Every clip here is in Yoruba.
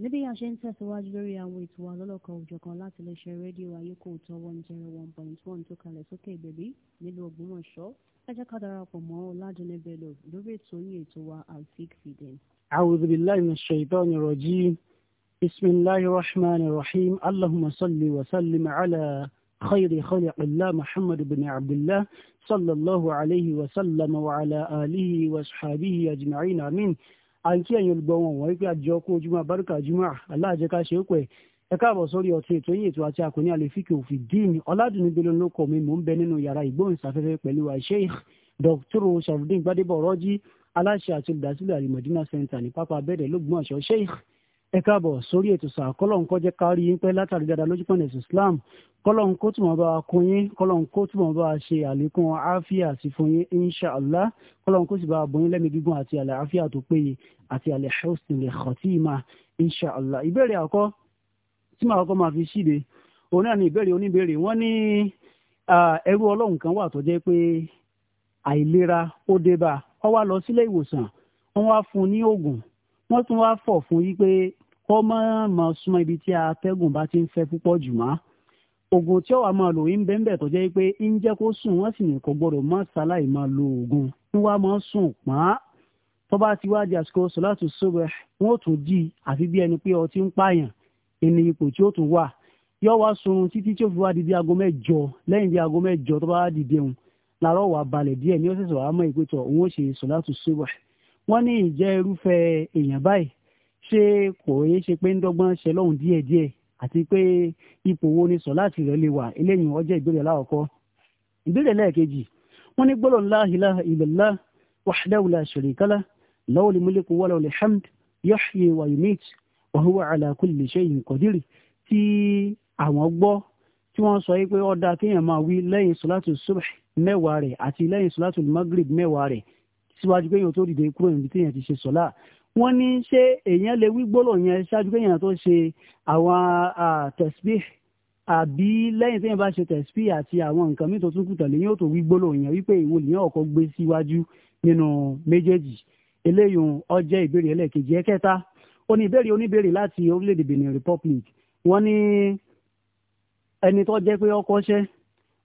níbi yà ṣe ń tẹ̀síwájú lórí àwọn ètò wa lọ́lọ́kan òjọ̀kan láti lè ṣe rédíò ayéko òtọ́ one zero one point one tó kalẹ̀ sókè bèbí nílùú Ògbómọ̀ṣọ́ ẹ jẹ́ ká darapọ̀ mọ́ Ọládùnní Bello lórí ètò yín ètò wa alfik fiden. a'udhu billahi minash shaitani rajim bisimilahi rahman rahim allahumma salli wa sallim ala khayri khalqillah muhammad bin abdullah sallallahu alayhi wa sallam wa ala alihi wa sahbihi ajma'in amin àti ẹ̀yin olùgbọ́ wọn wọ́n wípé àjọ kó ojúmọ́ abárúkà ojúmọ́ aláàjẹká ṣe é pẹ́ ẹ káàbọ̀ sórí ọtí ètò yìí ètò àti àkóní àlefíkì òfin dín ọ̀làdùnní bẹ́lẹ̀ ló kọ̀ mi mò ń bẹ nínú yàrá ìgbóhùnsáfẹ́fẹ́ pẹ̀lú Sheikh Dr. sharafdin gbadebo ọ̀rọ́jì aláṣẹ àti olùdásílẹ̀ alimọ̀dínà center ní pápá abẹ́rẹ́ lọ́gbọ̀nsọ̀ Sheikh ẹ káàbọ̀ sórí ètò sáà kọ́lọ́n kó jẹ́ ká rí yín pẹ́ látàrí dáadáa lójú pọ̀nà ẹ̀sìn Islam kọ́lọ́n kó túmọ̀ bá a kún yín kọ́lọ́n kó túmọ̀ bá a ṣe àlékún àáfíà sí fún yín inṣàlá kọ́lọ́n kó sì bá a bọ̀ yín lẹ́mí gígùn àti àlẹ́ àáfíà tó péye àti àlẹ́ husn lè khatima inṣàlá. ìbéèrè àkọ́ tí màá kọ́ máa fi ṣíde òun náà ni ìbéèrè oníbéèrè wọ́n ní wọ́n tún wá fọ̀ fún yí pé kọ́ máa mọ̀ súnmọ́ ibi tí atẹ́gùn bá ti ń fẹ́ púpọ̀ jù mọ́ oògùn tí ó wàá máa lò ń bẹ́ẹ̀ bẹ́ẹ̀ tó jẹ́ pé ń jẹ́ kó sùn wọ́n sì ní kò gbọ́dọ̀ má ṣaláì máa lo oògùn ń wá máa sùn pọ́n tó bá ti wá di àsìkò sọ̀láàtù sóbẹ̀ wọ́n ò tún jí àfi bí ẹni pé ọtí ń pààyàn ẹni ipò tí ó tún wà yóò wá sunrun títí tí ó fi wá di bí aago mẹ́jọ lẹ́yìn bí aago mẹ́jọ tó bá dìde òun làárọ̀ wà balẹ̀ díẹ̀ ní ọ̀sẹ̀ sọ̀rọ̀ àmọ́ ìpẹ́tọ̀ wọ́n ní ìjẹ́ irúfẹ́ èèyàn báyìí ṣé kò yé ṣe pé ń dọ́gbọ́n ṣe lọ́hùn díẹ̀díẹ̀ àti pé ipò wo ni sọ láti rẹ̀ lè wà eléyìí ó jẹ́ ìbéèrè aláwọ̀kọ́ ìbéèrè lẹ́ẹ̀kejì wọ́n ní gbọ́dọ̀ la ilaha illallah wahdahu la sharika lah lahul mulku wa lahul hamd yuhyi wa yumit wa huwa ala kulli shay'in qadir tí àwọn gbọ́ tí wọ́n sọ pé ó kéèyàn máa wí lẹ́yìn sọ́látù síwájú pé èèyàn tó dìde kúrò níbi tí èèyàn ti ṣe sọ́lá wọ́n ní ṣé èèyàn lè wí gbólò yẹn ṣáájú pé èèyàn tó ṣe àwọn tẹ̀síbí àbí lẹ́yìn téèyàn bá ṣe tẹ̀síbí àti àwọn nǹkan míì tó tún kù tẹ̀lé yóò tó wí gbólò yẹn wípé ìwo lèyàn ọ̀kọ́ gbé síwájú nínú méjèèjì eléyìí ó jẹ́ ìbéèrè ẹlẹ́ẹ̀kejì ẹ̀kẹta ó ní ìbéèrè oníbéèrè láti orílẹ̀ Benin Republic wọ́n ní ẹni tó jẹ́ pé ó kọ́ṣẹ́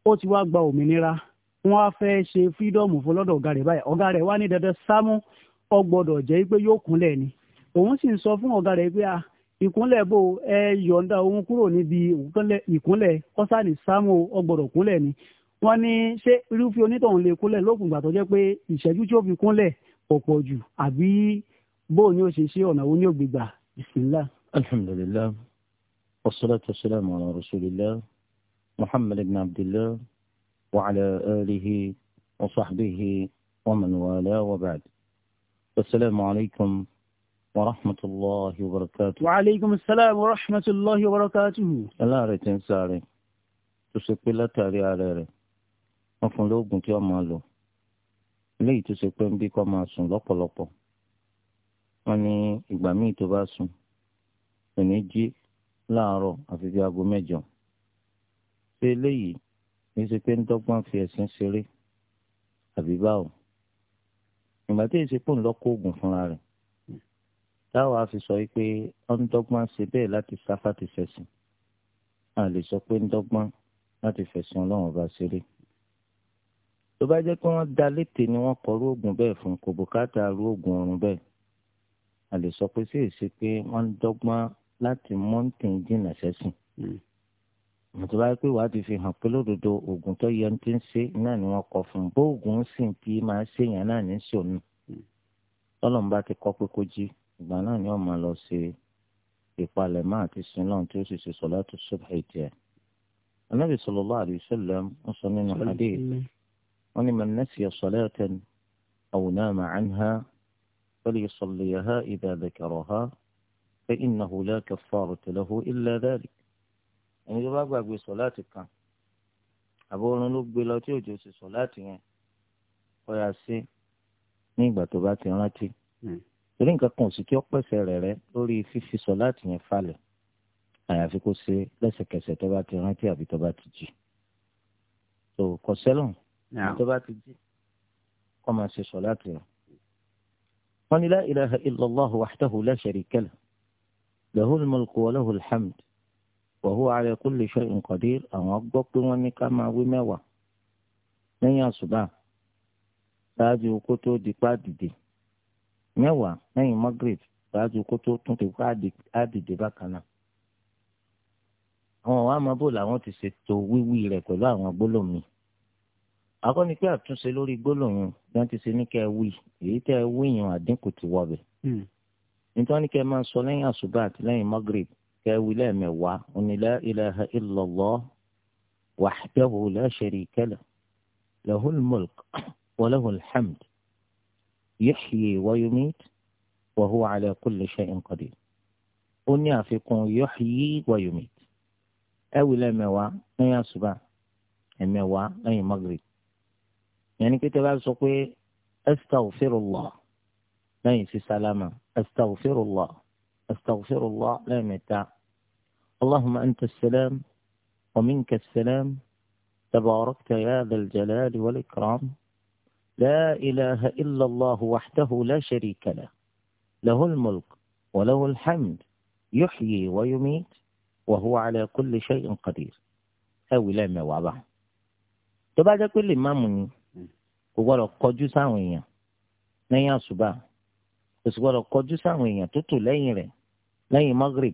ó ti wá gba òmìnira wọ́n á fẹ́ ṣe fídọ́ọ̀mù fún lọ́dọ̀ ọ̀gá rẹ̀ báyìí ọ̀gá rẹ̀ wá ní dandan sámú ọgbọ́dọ̀ jẹ́ pé yóò kúnlẹ̀ ni òun sì ń sọ fún ọ̀gá rẹ̀ pé a ìkúnlẹ̀ bò ẹ yọ̀ǹda òun kúrò níbi ìkúnlẹ̀ kọ́sánì sámú ọgbọ́dọ̀ kúnlẹ̀ ni wọ́n ní ṣé irúfẹ́ onítọ̀hún lè kúnlẹ̀ lókun gbà tó jẹ́ pé ìṣẹ́jú tí ó fi kúnlẹ̀ ọ̀pọ̀ jù àbí bóun ni alhamdulillah wassalamu ala وعلى آله وصحبه ومن والاه وبعد السلام عليكم ورحمة الله وبركاته وعليكم السلام ورحمة الله وبركاته ألا ريتين ساري تسكي لا تاري على ري وفن لو بنتي أمالو léyìí tó ṣe pé ń bí kọ́ máa sùn lọ́pọ̀lọpọ̀ wọ́n ní ìgbà míì tó bá sùn kò ní jí láàárọ̀ àfi bí aago mẹ́jọ ṣé léyìí kì í ṣe pé ń dọ́gbọ́n fi ẹ̀sìn ṣeré àbí báwo ìgbà tí èsì pò ń lọ́kọ́ oògùn fúnra rẹ̀ táwa fi sọ pé ọ́n dọ́gbọ́n ṣe bẹ́ẹ̀ láti sáfà ti fẹ̀sìn a lè sọ pé ń dọ́gbọ́n láti fẹ̀sìn ọlọ́run ọba ṣeré tó bá jẹ́ pé wọ́n da létè ni wọ́n kọ́ rú oògùn bẹ́ẹ̀ fún kò bùkátà rú oògùn ọ̀run bẹ́ẹ̀ a lè sọ pé sí èsì pé wọ́n dọ́gbọ́n láti mọ́ǹtì jìnnà sẹ́sìn hmm mọ̀tò báyìí pé wàá ti fi hàn pé lódodo oògùn tó yẹ ti ń ṣe náà ni wọ́n kọ fún un bóògùn sì ń kí máa ṣèyàn náà ní sòmù tọ́lọ́mù bá ti kọ́ pé kó jí ìgbà náà ni wọ́n máa lọ ṣe ìpalẹ̀mọ́ àti sinlọ́n tí ó sì ṣe sọ láti ṣubhi tiẹ̀. anábì sallallahu alaihi wasallam ń sọ nínú adé wọn ni man nasiya salatan aw nama anha falyusalliha idha dhakaraha fa innahu la kaffarata lahu illa dhalik ẹni tó bá gbàgbé sọláàtì kan àbọ̀ oorun ló gbé lọ tí òjò sì sọláàtì yẹn ọ̀yà sí ní ìgbà tó bá ti rántí hmm. torí nǹkan kan ò sí kí ó pèsè rẹ̀ rẹ́ lórí fífi sọláàtì yẹn falẹ̀ àyàfi kó ṣe lẹ́sẹ̀kẹsẹ̀ tó bá ti rántí àbí tó bá ti jí tó kọ sẹ́lọ̀n tó bá ti jí kó máa ṣe sọláàtì rẹ̀ wọ́n ní la ilaha illallah wahdahu la sharika lahu lahul mulku wa lahul hamd wa huwa ala kulli shay'in qadir àwọn gbọ́ pé wọ́n ní ká máa wí mẹ́wàá lẹ́yìn àṣùbà ṣáájú kó tó di pa dìde mẹ́wàá lẹ́yìn Maghrib ṣáájú kó tó tún ti pa dìde bákan náà. àwọn wàá máa bò làwọn ti ṣètò wíwí rẹ̀ pẹ̀lú àwọn gbólómi akọni pé àtúnṣe lórí gbólóhùn bí wọ́n ti ṣe ní kẹ́ ẹ wí èyí tẹ́ ẹ wí yan àdínkù ti wọbẹ. Hmm. nítorí kẹ́ ẹ máa sọ lẹ́yìn àṣùbà àti lẹ́yìn Maghrib كاوي لا موا أن لا إله إلا الله وحده لا شريك له له الملك وله الحمد يحيي ويميت وهو على كل شيء قدير أن يافق يحيي ويميت أو لا موا أي صباح الموا أي مغرب يعني كتب سقوي أستغفر الله أي في سلامة أستغفر الله أستغفر الله لا متى اللهم أنت السلام ومنك السلام تباركت يا ذا الجلال والإكرام لا إله إلا الله وحده لا شريك له له الملك وله الحمد يحيي ويميت وهو على كل شيء قدير أو لا ما وضعه تبعد كل ما مني وقال قد يساوي نيا صباح بس قال قجو ساويا تتو لين لين مغرب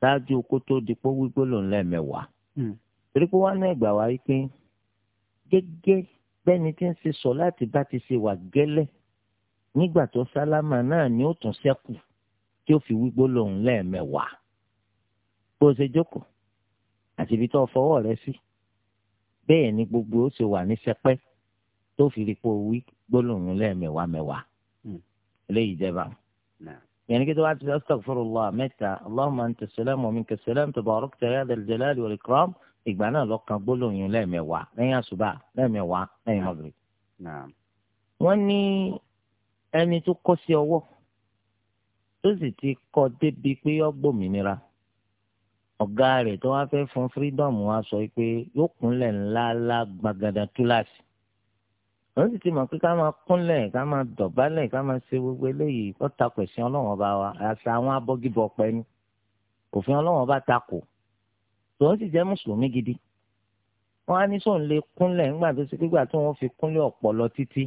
ṣáájú kó dipo di pé wípé lòun lẹ́ẹ̀mẹ́wàá. Hmm. torí pé wọn náà gbà wá pé gẹ́gẹ́ bẹ́ni tí ń ṣe sọ láti bá ti ṣe wà gẹ́lẹ́ nígbà tó sálámà náà ni ó tún ṣẹ́kù tí ó fi wípé lòun lẹ́ẹ̀mẹ́wàá. bó o ṣe jókòó àti ibi tó fọwọ́ rẹ sí bẹ́ẹ̀ ni gbogbo ó ṣe wà ní sẹpẹ́ tó fi rí pé o wí gbólóhùn lẹ́ẹ̀mẹ́wàá hmm. eléyìí jẹba. يعني كده واحد استغفر الله متى اللهم انت السلام ومنك السلام تباركت يا ذا الجلال والاكرام ìgbà náà lọ́kàn gbólóyìn lẹ́ẹ̀mẹ́wàá lẹ́yìn àṣùbà lẹ́ẹ̀mẹ́wàá lẹ́yìn mọ́gìrì. wọ́n ní ẹni tó kọ́ sí ọwọ́ tó sì ti kọ́ débi pé ó gbòmìnira ọ̀gá rẹ̀ tó wá fẹ́ fún freedom wá sọ pé yóò kúnlẹ̀ ńlá ńlá gbàgàdà túláàsì wọ́n sì ti mọ̀ pé ká máa kúnlẹ̀ ká máa dọ̀bálẹ̀ ká máa ṣe gbogbo eléyìí ó takò ẹ̀sìn ọlọ́wọ́n bá wa àṣà àwọn abọ́gibọ̀ pẹ́ ni òfin ọlọ́wọ́n bá takò tòun sì jẹ́ mùsùlùmí gidi wọ́n á ní sóun lè kúnlẹ̀ ńgbà tó ṣe gbígbà tí wọ́n fi kúnlẹ̀ ọ̀pọ̀lọ títí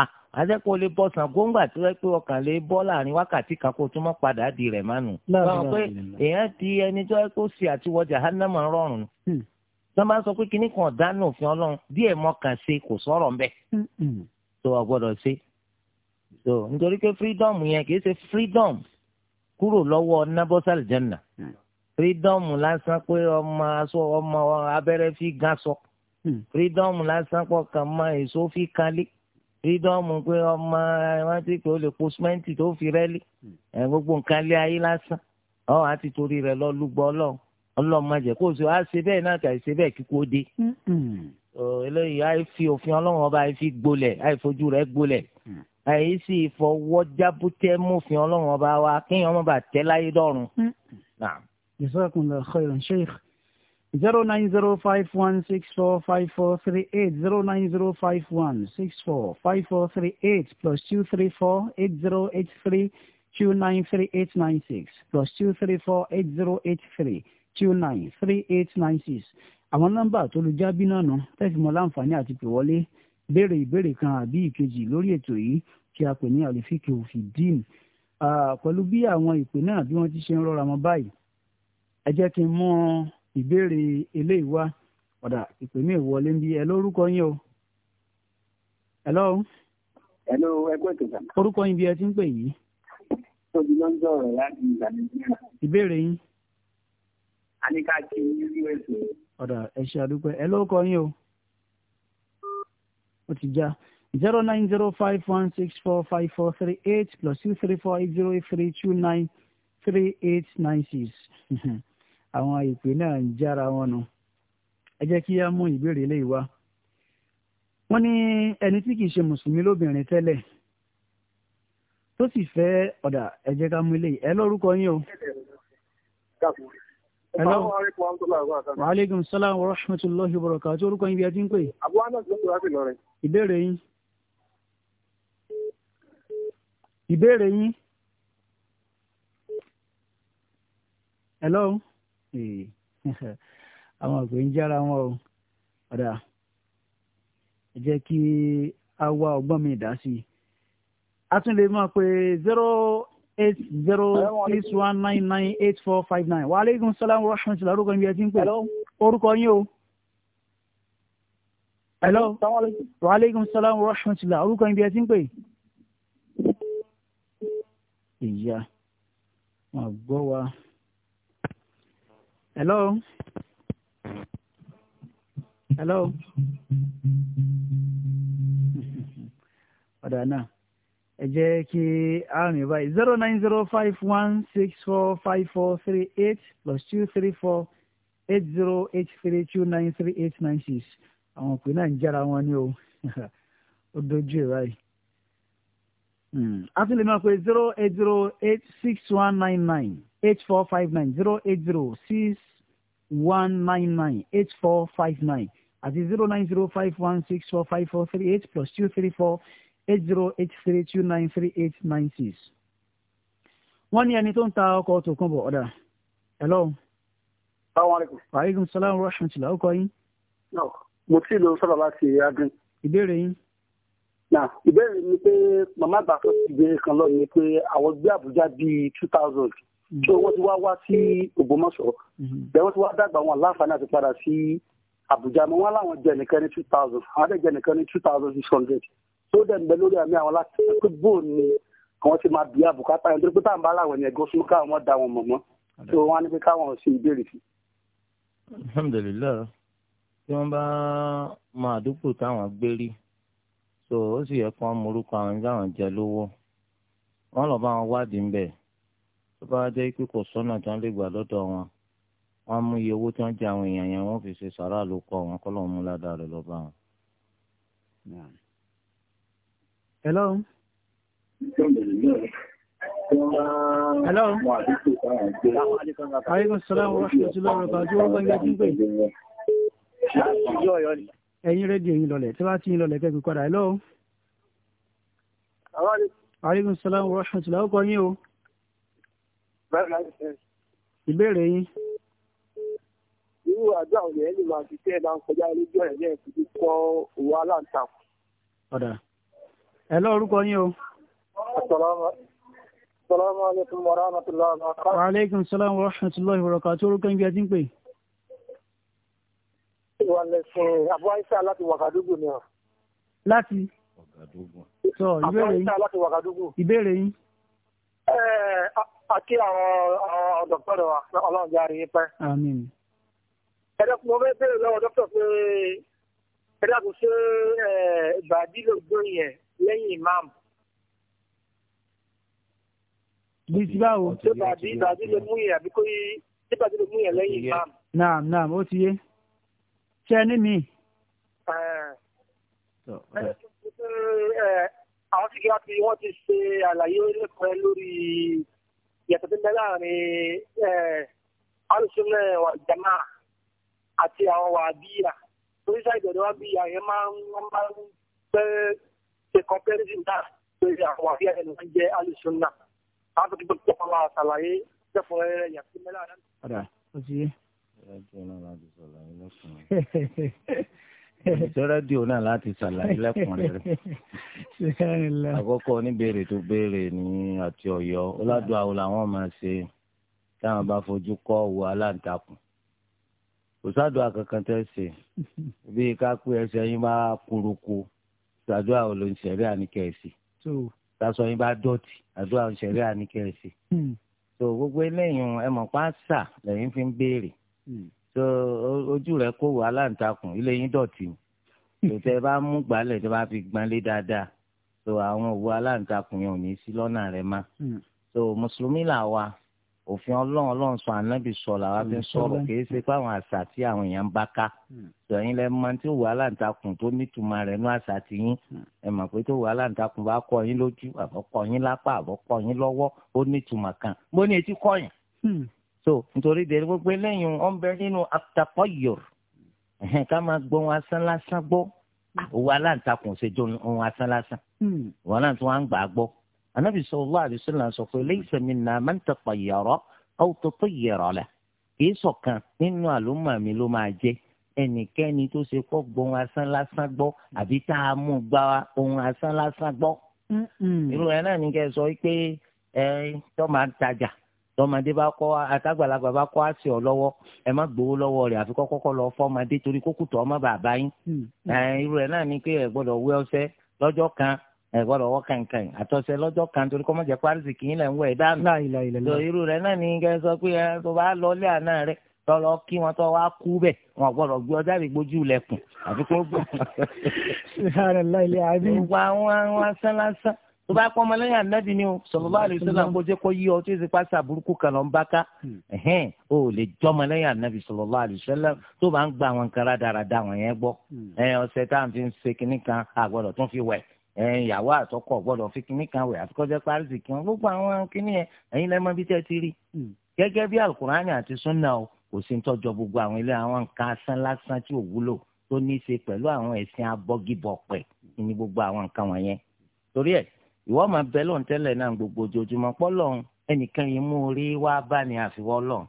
à àjẹkọ lè bọ sàn góńgbà tó rẹ pé ọkàn lè bọ láàrin wákàtí kan kó tún mọ padà di rẹ mánu. báwo pé èèyàn di ẹni tó rẹ kó ṣe àtiwọjà hánàmà rọrùn tó máa ń sọ pé kinní kan dánú òfin ọlọ́run díẹ̀ mọ́kàn ṣe kò sọ̀rọ̀ ń bẹ̀ tó o gbọ́dọ̀ ṣe so nítorí pé freedom yẹn kì í ṣe freedom kúrò lọ́wọ́ nabosal jẹ́nà mm. freedom lásán pé ọmọ aṣọ ọmọ abẹ́rẹ́ fi gán sọ mm. freedom lásán pọ̀ kàn mọ èso fi kanlé freedom pé ọmọ wọn ti pé o lè po simẹ́ǹtì tó fi rẹ́lí mm. gbogbo nǹkan lé ayé lásán ọ̀ àti torí rẹ̀ lọ lúgbọ́ ọlọ́run ọlọ́mọdé kó o sọ á ṣe bẹ́ẹ̀ náà tàì ṣe bẹ́ẹ̀ kíkó dé. Mm-hmm. eléyìí àì fi òfin ọlọ́run ọba àì fi gbolẹ̀ àì fojú rẹ̀ gbolẹ̀ àì mm. sì fọwọ́ jábútẹ́ mọ́fin ọlọ́run ọba wa kéèyàn má bàa tẹ́ láyé dọ́run. Mm-hmm. jazakumullahu khairan sheikh zero nine zero five one six four five four three eight zero nine zero five one six four five four three eight plus two three four eight zero eight three two nine three eight nine six plus two three four eight zero eight three two nine three eight nine six àwọn nọ́mbà tó lu jábí náà nù tẹ́sìmọ́ láǹfààní àti pè wọlé béèrè ìbéèrè kan àbí ìkejì lórí ètò yìí kí a pè ní àlefíkè òfin dín pẹ̀lú bí àwọn ìpè náà bí wọ́n ti ṣe ń rọra wọn báyìí ẹ jẹ́ kí n mú ìbéèrè eléyìí wá ọ̀dà ìpè mi ìwọlé bí ẹ lórúkọ yín o. hello. hello ẹgbẹ́ ìtọ́jà. orúkọ yín bí ẹ ti ń pè yìí. tóbi ló ń sọ̀rọ̀ láti ìgbà nìyẹn. ìbéèrè yín àníkà kí ní usa. ọ̀dà ẹ ṣe àdúpẹ́ ẹ lóko yín o ó ti já zero nine zero five one six four five four three eight plus two three four eight zero eight three two nine three eight nine six àwọn ìpè náà ń jára wọn nu ẹ jẹ́ kí á mú ìbéèrè ilé ìwá wọ́n ní ẹni tí kìí ṣe mùsùlùmí lóbìnrin tẹ́lẹ̀ tó sì fẹ́ ọ̀dà ẹ jẹ́ ká mú ilé ẹ lórúkọ yín o. Hello. Wa alaikum salam wa rahmatullahi wa barakatuh. Orúkọ yín bí ẹ ti ń pè. Àbúrò náà ti ń pè wá Ìbéèrè yín. Ìbéèrè yín. Hello. Àwọn àgbẹ̀ ń jára wọn o. Ọ̀dà. Ẹ jẹ́ kí a wá ọgbọ́n mi dá sí i. A tún lè máa pe zero eight zero six one nine nine eight four five nine. wa aleykum salaam wa rahmatulah orúkọ ibi ń pè. orúkọ yín o. hello. wa aleykum salaam wa rahmatulah orúkọ ibi ẹ ti ń pè. ìyá wọn gbọ́ wa. hello. hello. ọ̀dà náà ẹ jẹ́ kí a rìn báyìí zero nine zero five one six four five four three eight plus two three four eight zero eight three two nine three eight nine six àwọn òpin náà ń jára wọn ní o ó dojú ẹ báyìí. Hmm. a tún lè máa pe zero eight zero eight six one nine nine eight four five nine zero eight zero six one nine nine eight four five nine àti zero nine zero five one six four five four three eight plus two three four eight zero eight three two nine three eight nine six. wọ́n ní ẹni tó ń ta ọkọ̀ tó kún bọ̀ ọ̀dà. hello. assalamu alaikum. wa alaikum salaam wa rahmatullahi ọkọ yín. mo ti lo sọ́dọ̀ láti adùn. ìbéèrè yín. na ìbéèrè mi pé màmá àgbà tó ti gbé kan lọ ni pé àwọn gbé àbújá bíi two thousand tó mm-hmm. wọ́n ti wá wá sí Ògbómọ̀ṣọ́ bẹ́ẹ̀ mm-hmm. wọ́n ti wá dàgbà wọn láǹfààní àti padà sí Àbújá mọ́ wọn láwọn jẹ nìkan ní two thousand àwọn àdẹ̀jẹ̀ nìkan ní two thousand six hundred tó dẹ̀ ń bẹ lórí àmì àwọn aláṣẹ pé bò ni àwọn ti máa bí àbùkátà yẹn torí pé táwọn bá láwọn yẹn gọ́sùn káwọn da wọn mọ̀ mọ́ tó wọn á ní pé káwọn ṣe ìbéèrè sí. alhamdulilayi tí wọ́n bá máa àdúgbò táwọn gbé rí so ó sì yẹ kó wọn morúkọ àwọn ẹni táwọn jẹ lówó wọn lọ bá wọn wádìí ńbẹ tó bá jẹ́ pé kò sọ́nà tí wọ́n lè gbà lọ́dọ̀ wọn wọn mú iye owó tí wọ́n jẹ àwọn èèyàn yẹn wọ́n fi ṣe sàrà ló kọ wọn mú ládàá rẹ̀ lọ́ọ́ bá wọn. Hello. Hello. Aleykum salaam wa rahmatullahi wa barakatuh. Wọ́n gbọ́n yẹn pé. Ẹ̀yin rédíò yín lọlẹ̀, tí wọ́n ti yín lọlẹ̀ kẹ́kọ̀ọ́ padà. Hello. Aleykum salaam wa rahmatullahi wa barakatuh. Ó kọ o. Ìbéèrè yín irú àjọ àwọn èèyàn lè máa fi tẹ́ ẹ bá ń kọjá lójú ọ̀rẹ́ lẹ́yìn tó ti kọ́ owó aláǹtakùn ẹ lórúkọ yín o. Assalamu alaikum wa rahmatullahi wa barakatuh. Wa alaikum salam wa rahmatullahi wa barakatuh. Orúkọ ń bí ẹ ti ń pè. Ìwà lẹ̀sìn Abu Aisha láti Wàkàdúgù ni ọ. Láti. Sọ ìbéèrè yín. Abu Aisha láti Wàkàdúgù. Ìbéèrè yín. Àti àwọn ọ̀dọ̀gbọ́dọ̀ wa ọlọ́run járe pẹ́. Àmín. mo fẹ́ bèèrè lọ́wọ́ dókítà pé ẹ̀dá kò ṣe ìgbà dílé lẹ́yìn imam. bí ti báwo. ṣé bàbí bàbí lè mú yẹn àbí kò yí ṣé bàbí lè mú yẹn lẹ́yìn imam. naam naam ó ti yé ṣe ní mi. àwọn tí kíá ti wọ́n ti ṣe àlàyé lẹ́kọ̀ọ́ lórí yàtọ̀ tó ń bẹ láàrin alùsùnmẹ̀ jama àti àwọn wàbíyà oríṣiríṣi ìdọ̀dọ̀ wàbíyà yẹn máa ń pẹ́ ṣe comparison náà lórí àwọn àríyá ẹni wọn jẹ́ alison náà àwọn tó tó kọ́ wa ṣàlàyé dẹ́kun rẹ̀ yà sí mẹ́lá rẹ̀. padà ó ti yé. Ìjọ rẹ́díò náà láti ṣàlàyé lẹ́kùnrẹ́rẹ́. Àkọ́kọ́ oníbèrè tó béèrè ní àti Ọ̀yọ́. Ọládùn àwọn làwọn máa ṣe táwọn bá fojú kọ́ wo aláǹtakùn kò sádùn àkàkàn tẹ́ ṣe bí ká pé ẹsẹ̀ yín bá kúrúkú àdúrà ò ló ń ṣẹ̀rí àníkẹ́ẹ̀sì tasọ yín bá dọ̀tí àdúrà ń ṣẹ̀rí àníkẹ́ẹ̀sì hmm. so gbogbo eléyìí ẹ mọ̀ pa ṣà lẹ́yìn fi ń béèrè hmm. so ojú rẹ kó wà láǹtakùn ilé yín dọ̀tí tòtẹ́ bá mú gbálẹ̀ tó bá fi gbanlé dáadáa so àwọn òwú aláǹtakùn yẹn ò ní sí lọ́nà rẹ má hmm. so mùsùlùmí là òfin ọlọ́run ọlọ́run sọ ànábì sọ làwọn fi ń sọ̀rọ̀ kìí ṣe pé àwọn àṣà tí àwọn èèyàn ń bá ká sọyìn hmm. lẹ máa tí òwò aláǹtakùn tó nítumọ̀ rẹ̀ nú àṣà ti yín hmm. ẹ mọ̀ pé tó òwò aláǹtakùn bá kọ yín lójú àbọ̀kọ yín lápá àbọ̀kọ yín lọ́wọ́ ó nítumọ̀ kan bó ní etí kọ̀yìn. Hmm. so nítorí dèrè gbogbo eléyìí ó ń bẹ nínú àtàkọ́yọ̀ ká máa gbọ́ wọn asán lásán gbọ́ òwò aláǹtakùn ṣe jọ ohun asán lásán òwò aláǹtakùn wa ń gbà á gbọ́ anabi sallallahu alaihi wasallam sọ pé laysa minna man tatayyara aw tutayyara lahu kìí sọ̀kan nínú àlùmọ̀ mi ló máa jẹ́ ẹnikẹ́ni tó ṣe kọ́ gbọ́ ohun asán lásán gbọ́ àbí tá a mú gba ohun asán lásán gbọ́. irú ẹ náà ní kẹ́ ẹ sọ pé ẹ tó máa tajà tọmọdé bá kọ́ àtàgbàlagbà bá kọ́ àṣẹ ọ lọ́wọ́ ẹ má gbowó lọ́wọ́ rẹ̀ àfi kọ́kọ́ lọ fọ́mọdé torí kókùtọ̀ ọmọ bàbá yín. irú ẹ náà ní pé ẹ gbọ́dọ̀ wé ọṣẹ lọ́jọ́ kan ẹ gbọ́dọ̀ wọ kankan àtọ̀sẹ̀ lọ́jọ́ kan torí kọ́ mọ̀ jẹ́ pàrọ̀sì kì í lẹ̀ ń wẹ̀ dànù. tó irú rẹ̀ náà ní kẹ́ ẹ sọ pé ẹ tó bá lọ ilé àná rẹ̀ tó lọ kí wọn tó wá kú bẹ̀ wọn gbọ́dọ̀ gbé ọjà rẹ̀ gbójú lẹ̀kùn àfi kó gbọ́. wà wọn wọn sán lásán tó bá pọ́n mọ́lẹ́yìn ànábì ni o sọ̀rọ̀ bá lè sọ́nà kó jẹ́ kó yí ọ tó ṣe pàṣẹ àbúrúkú kan lọ́n bá ká hmm. o lè jọ́ mọ́lẹ́yìn ànábì sọ̀rọ̀ bá lè sọ́nà tó bá ń gba àwọn nǹkan rádaràda àwọn gbọ́ hmm. ọ̀sẹ̀ tá à ń fi ṣe kinní kan àgbọ̀dọ̀ tó ń fi wẹ̀ ìyàwó àtọkọ gbọ́dọ̀ fi kinní kan wẹ̀ àfikọjẹ paris kí wọn gbogbo àwọn kinní yẹn ẹ̀yin lẹmọ bí tẹ ti rí hmm. gẹ́gẹ́ bí alukurani àti sunna o kò sí ń tọjọ gbogbo àwọn ilé àwọn nǹkan asán lásán tí ò wúlò tó ní í ṣe pẹ̀lú àwọn ẹ̀sìn abọgibọpẹ ní gbogbo àwọn nǹkan wọ̀nyẹn torí ẹ̀ ìwọ máa bẹ lọ́n tẹ́lẹ̀ náà gbogbo ojoojúmọ́ pọ́lọ́n ẹnìkan yìí mú orí wá bá ní àfiwọ́ lọ́n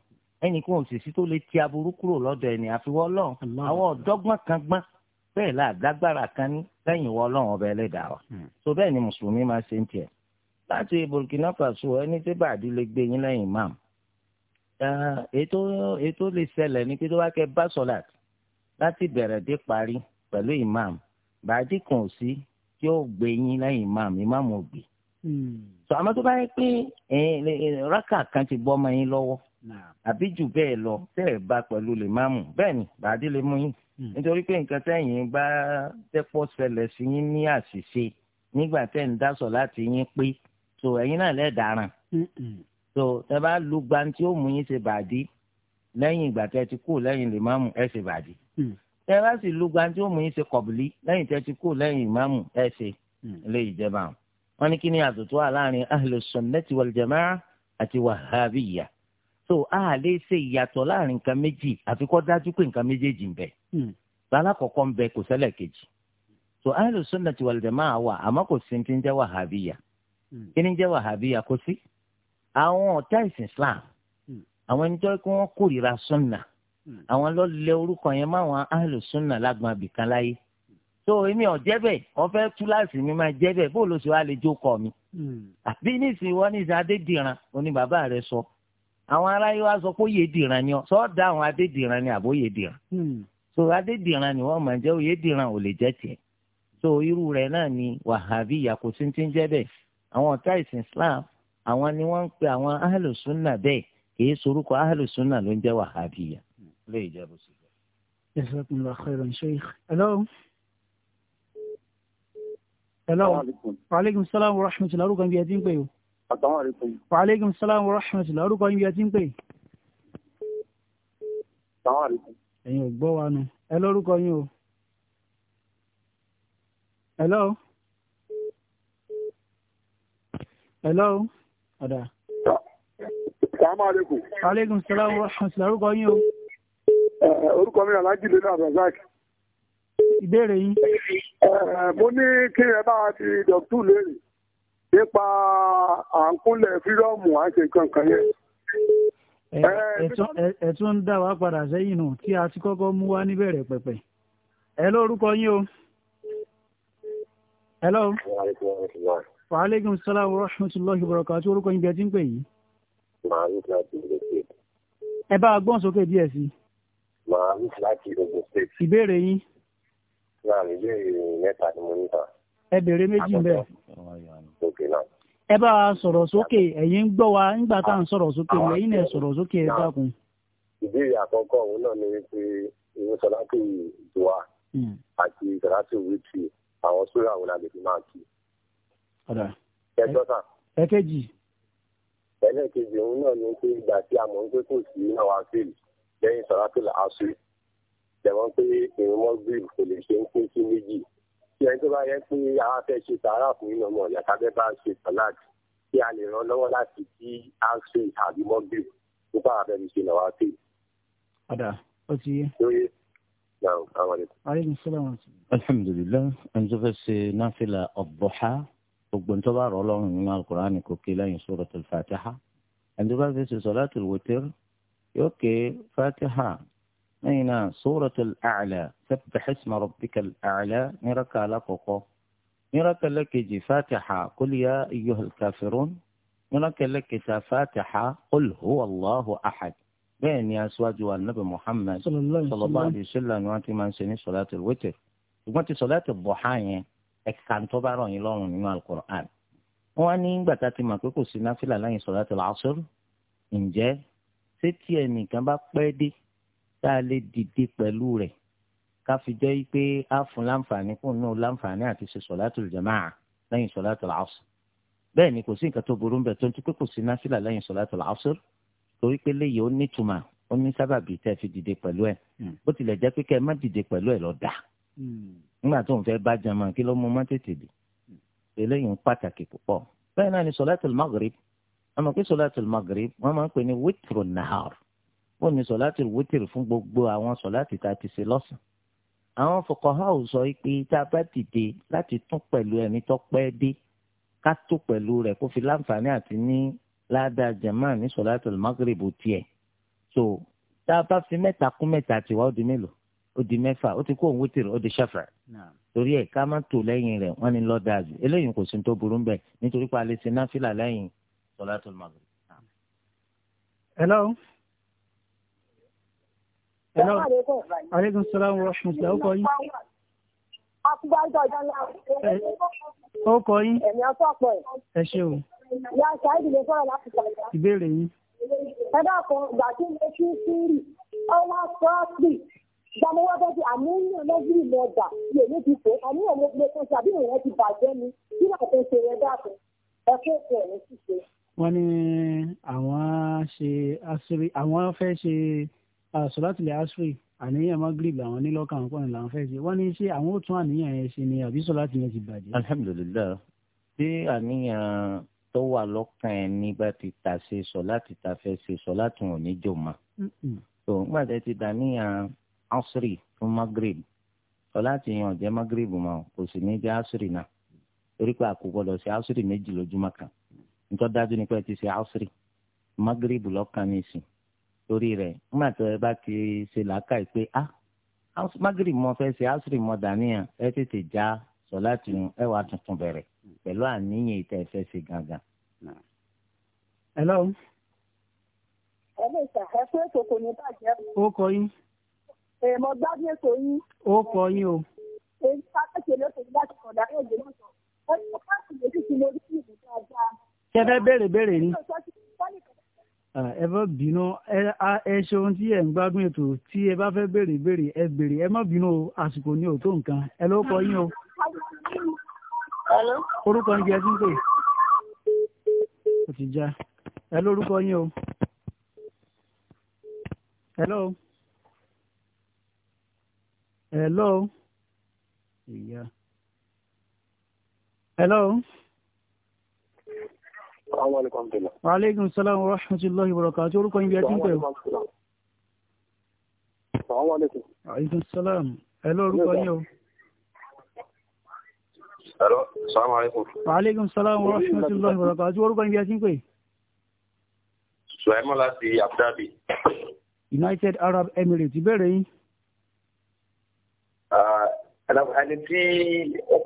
ẹnìkan òṣìṣẹ́ tó lè ti aburú kúrò lọ́dọ̀ bẹ́ẹ̀ la dágbára kan ní lẹ́yìn wọ ọlọ́run ọba ẹlẹ́dàá wa hmm. so bẹ́ẹ̀ ni mùsùlùmí máa ṣe ń tiẹ̀ láti Burkina Faso ẹni tí bàdí lè gbé yín lẹ́yìn imam ètò ètò lè ṣẹlẹ̀ ní pé tó bá kẹ́ bá sọ̀làt láti bẹ̀rẹ̀ dé parí pẹ̀lú imam bàdí kan ò sí tí ó gbé yín lẹ́yìn imam imam ò gbé hmm. so àmọ́ tó bá yẹ pé rákà kan ti bọ́ ọmọ yín lọ́wọ́ àbí jù bẹ́ẹ̀ lọ tẹ́ ẹ̀ bá pẹ̀lú lè máa mú bẹ́ẹ̀ ni bàdí lè mú yín hmm. nítorí pé nǹkan tẹ́yìn bá tẹ́pọ̀ ṣẹlẹ̀ sí yín ní àṣìṣe nígbà tẹ́ ń dásọ̀ láti yín pé so ẹ̀yin náà lẹ́ẹ̀daràn so tẹ́ bá lu gbanti ó mú yín ṣe bàdí lẹ́yìn ìgbà tẹ́ ti kú lẹ́yìn lè máa mú ẹ̀ ṣe bàdí hmm. tẹ́ bá sì lu gbanti ó mú yín ṣe kọ̀bìlì lẹ́yìn tẹ́ ti kú lẹ́yìn ìmáàmù ẹ̀ ṣe hmm. lè ìjẹba wọn ní kí ni àtúntò wà láàrin ahlus sunnati so a lè ṣe ìyàtọ̀ láàrin nǹkan méjì àfi kó dájú pé nǹkan méjèèjì ń bẹ alákọ̀ọ́kọ́ hmm. ń bẹ kò sẹ́lẹ̀ kejì so ahlus sunnati wal jamaa wà àmọ́ kò sí ti ń jẹ́ wàhábíyà hmm. kí ni ń jẹ́ wàhábíyà kò sí àwọn ọ̀tá ìsìn islam hmm. àwọn ẹni tó kí wọ́n kórìíra sunna àwọn ló lẹ̀ orúkọ yẹn máwọn ahlus sunna lágbọn abìkan láyé so èmi ò jẹ́ bẹ́ẹ̀ ọ̀fẹ́ túláàsì mi máa jẹ́ bẹ́ẹ̀ bó ló ṣe wá lè jókòó mi àbí àwọn aráyé wa sọ pé òye dìran ni ọ sọ da àwọn adédìran ni àbó òye dìran hmm. so adédìran ni wọn máa jẹ òye dìran ò lè jẹ tiẹ̀ so irú rẹ̀ náà ni wàhábí yàkó títí jẹ bẹ́ẹ̀ àwọn ọ̀tá ìsìn Islam àwọn ni wọ́n ń pe àwọn ahlùsúnà bẹ́ẹ̀ kìí sorúkọ ahlùsúnà ló ń jẹ́ wàhábí yà lè jẹ́ bó ṣe jẹ́. Jazakumullahu khairan Sheikh. hello. hello. wa aleykum salaam wa rahmatullahi wa barakatuh. Assalamualaikum. Waalaikum salam wa rahmatullahi. Orúkọ yín bí ẹ ti ń pè. Assalamualaikum. Ẹ̀yin ò gbọ́ wa nu. Ẹ lórúkọ yín o. Hello. Hello. Ọ̀dà. Assalamualaikum. Waalaikum salam wa rahmatullahi. Orúkọ yín o. Orúkọ mi Alhaji Lena Abdulrasaq. Ìbéèrè yín. Mo ní kí ẹ bá ti dọ̀tú lérè nípa à ń kúnlẹ̀ fírọ́ọ̀mù à ń ṣe kankan yẹn. ẹ̀tún ń dá wa padà sẹ́yìn nù tí a ti kọ́kọ́ mú wá níbẹ̀rẹ̀ pẹ̀pẹ̀. ẹ lórúkọ yín o. hello. wa aleykum salaam wa rahmatulahi wa barakatuh orúkọ yín bí ẹ ti ń pè yìí. màá ń tún àti ilé ṣe. ẹ bá a gbọ́n sókè díẹ̀ sí. màá ń tún láti Ogun State. ìbéèrè yín. náà ìbéèrè mẹ́ta ni mo ní kan ẹ bèrè méjì bẹ́ẹ̀. ẹ bá a sọ̀rọ̀ sókè ẹ̀yin ń gbọ́ wa nígbà tá à ń sọ̀rọ̀ sókè lẹ́yìn ah, náà sọ̀rọ̀ sókè ẹ dákun. ìbéèrè àkọ́kọ́ òun náà ni wípé ìwé sọ̀láṣì ìdùwà hmm. àti sọ̀láṣì wíìtì àwọn sóra òun làbẹ̀ fi máa kí. ẹjọ́ sàn. ẹ̀kejì. òun náà ni pé ìgbà tí a mọ̀ ń pé kò sí àwọn àfẹ́lì lẹ́yìn sọ̀láṣì làásù jẹ̀wọ́n pé ìrúnmọ́ gbìyànjú kò lè ṣe ń pín sí méjì ẹni tó bá yẹ pé àwa fẹ́ ṣe sàárà fún yín ọmọ ìyá tábẹ́ bá ń ṣe salad kí a lè ràn lọ́wọ́ láti kí alfred àbí mobile nípa àwọn abẹ́mi ṣe lọ́wọ́ sí. ọ̀dà ó ti yé. lóye náà àwọn ọ̀dẹ̀. aleykum salaam. alhamdulilayi ẹni tó fẹ́ ṣe náfìlà ọ̀bọ̀há gbogbo tó bá rọ ọlọ́run nínú alukur'an kò ké lẹ́yìn suratul fatiha ẹni tó bá fẹ́ ṣe salatul lẹ́yìn náà suratul a'la sabbih isma rabbikal a'la níraka alákọ̀ọ́kọ́ níraka lẹ́kejì fatiha qul ya ayyuhal kafirun níraka lẹ́kẹta fatiha qul huwa allahu ahad bẹ́ẹ̀ ni aṣáájú wa nabi muhammad sallallahu alayhi wa sallam ni wọ́n ti máa ń ṣe ní solatul witr ṣùgbọ́n ti solatul duha yẹn ẹ̀ka tó bá rọ̀ yín lọ́rùn nínú alukur'an wọ́n ní gbàtà ti mọ̀ pé kò sí náfìlà lẹ́yìn solatul asr ǹjẹ́ ṣé tí ẹnìkan bá pẹ́ dé tá a lè dìde pẹ̀lú rẹ̀ ká fi jẹ́ pé a fún láǹfààní kún náà láǹfààní àti ṣe sọ̀látùl jàmáà lẹ́yìn sọ̀látùl àṣr bẹ́ẹ̀ ni kò sí nǹkan tó burú ń bẹ̀ tó ń tún pé kò sí náfìlà lẹ́yìn sọ̀látùl àṣr torí pé léyìí ó nítumà ó ní sábàbí tẹ́ fi dìde pẹ̀lú ẹ̀ hmm. bó tilẹ̀ jẹ́ pé kẹ́ ẹ má dìde pẹ̀lú ẹ̀ lọ dà hmm. nígbà tó ń fẹ́ bá jama kí ló mú má tètè dì eléyìí ń pàtàkì púpọ̀ bẹ́ẹ̀ náà ni sọ̀látùl maghrib àmọ́ ó ní sọ̀láàtì wítìrì fún gbogbo àwọn sọ̀láàtì tá a ti ṣe lọ́sàn. àwọn fọkànhá ò sọ pé tá a bá dìde láti tún pẹ̀lú ẹni tó pẹ́ dé ká tó pẹ̀lú rẹ̀ kó fi láǹfààní àti ní ládàá jàmá ní sọ̀láàtì magrib tiẹ̀. so tá a bá fi mẹ́ta kún mẹ́ta tiwa ó di mélòó ó di mẹ́fà ó ti kó òun wítìrì ó di ṣẹ́fà torí ẹ̀ ká má tò lẹ́yìn rẹ̀ wọ́n ní lọ́dà àbí eléyìí kò sí tó burú ń bẹ̀ nítorí pé a lè ṣe náfìlà lẹ́yìn sọ̀láàtì magrib. hello. Hello. Aleykum salaam wa rahmatulah. Ó kọ yín. Akúgbájọ ìjọba. Ó kọ yín. Ẹ̀mí ọkọ̀ ọ̀pọ̀ ẹ̀. Ẹ ṣé o. Ìyá Ṣáìdì lè sọ̀rọ̀ láti ṣàlàyé. Ìbéèrè yín. Ẹ dákun ìgbà tí mo fi ń sírì, ọwọ́ sọ́ọ̀sì. Ìgbàmọ́wọ́ bẹ́ẹ̀ ti àmúyàn lọ́gbìn ìmọ̀ ọjà lè ní ti fò. Àmúyàn mo gbé kan tàbí ìrìn ti bàjẹ́ ni. Bí màá tó ṣe yẹn dákun, ẹ kó ètò ẹ̀ ní ṣíṣe. Wọ́n ní àwọn ṣe àwọn fẹ́ ṣe sọláàtì lè asri àníyàn magrib làwọn nílọ́kàn àwọn pọ̀nì làwọn fẹ́ẹ́ ṣe wọ́n ní ṣé àwọn ó tún àníyàn yẹn ṣe ni àbí sọláàtì yẹn ti bàjẹ́. alhamdulilayi ṣé àníyàn tó wà lọ́kàn ẹ̀ ní bá ti ta ṣe sọláàtì ta fẹ́ ṣe sọláàtì wọn ní jòmá. tó ń gbàdé ti dàníyàn asri fún magrib sọláàtì yẹn ò jẹ́ magrib mọ́ kò sì ní jẹ́ asri náà torí pé àkókò lọ sí asri méjì lójúmọ́ kan nítorí dájú ni pé ti ṣe asri magrib lọ́kàn ní ìsìn torí rẹ̀ nígbà tó ẹ bá ti ṣe làákàyè pé a magiri mọ fẹ́ ṣe asiri mọ dàníyàn ẹ tètè já sọ láti nu ẹ wàá tuntun bẹ̀rẹ̀ pẹ̀lú àníyàn ìtẹ ẹ fẹ́ ṣe gangan. hello. ẹ lè sà ẹ fún ètò kò ní bàjẹ́ o. ó kọ yín. èèmọ̀ gbádùn ètò yín. ó kọ yín o. èyí ká kẹ́kẹ́ lóṣèlú láti kọ̀dá ní èdè náà sọ. ó ní ká sì lè fi lórí ìlú dáadáa. ṣé ẹ fẹ́ béèrè béèrè ni. Ah, ẹ bá bínú ẹ ṣeun tí ẹ ń gbádùn ètò tí ẹ bá fẹ́ béèrè béèrè ẹ béèrè ẹ má bínú o àsìkò ní òótọ́ nǹkan ẹ ló kọ yín o. orúkọ ń jẹ tí ń pè. ó já ẹ lórúkọ yín o. hello. hello. hello. hello? Wa alaikum salam wa rahmatullahi wa barakatuh. Orúkọ yín bí ẹ ti ń pè ọ́. Wa alaikum salam. Ẹ lórúkọ yín o. Hello, salamu alaikum. Wa alaikum salam wa rahmatullahi wa barakatuh. Orúkọ ibi ẹ̀sìn pé? Suhaimọ́ láti Abu Dhabi. United Arab Emirates ìbéèrè yín. Ẹni tí ó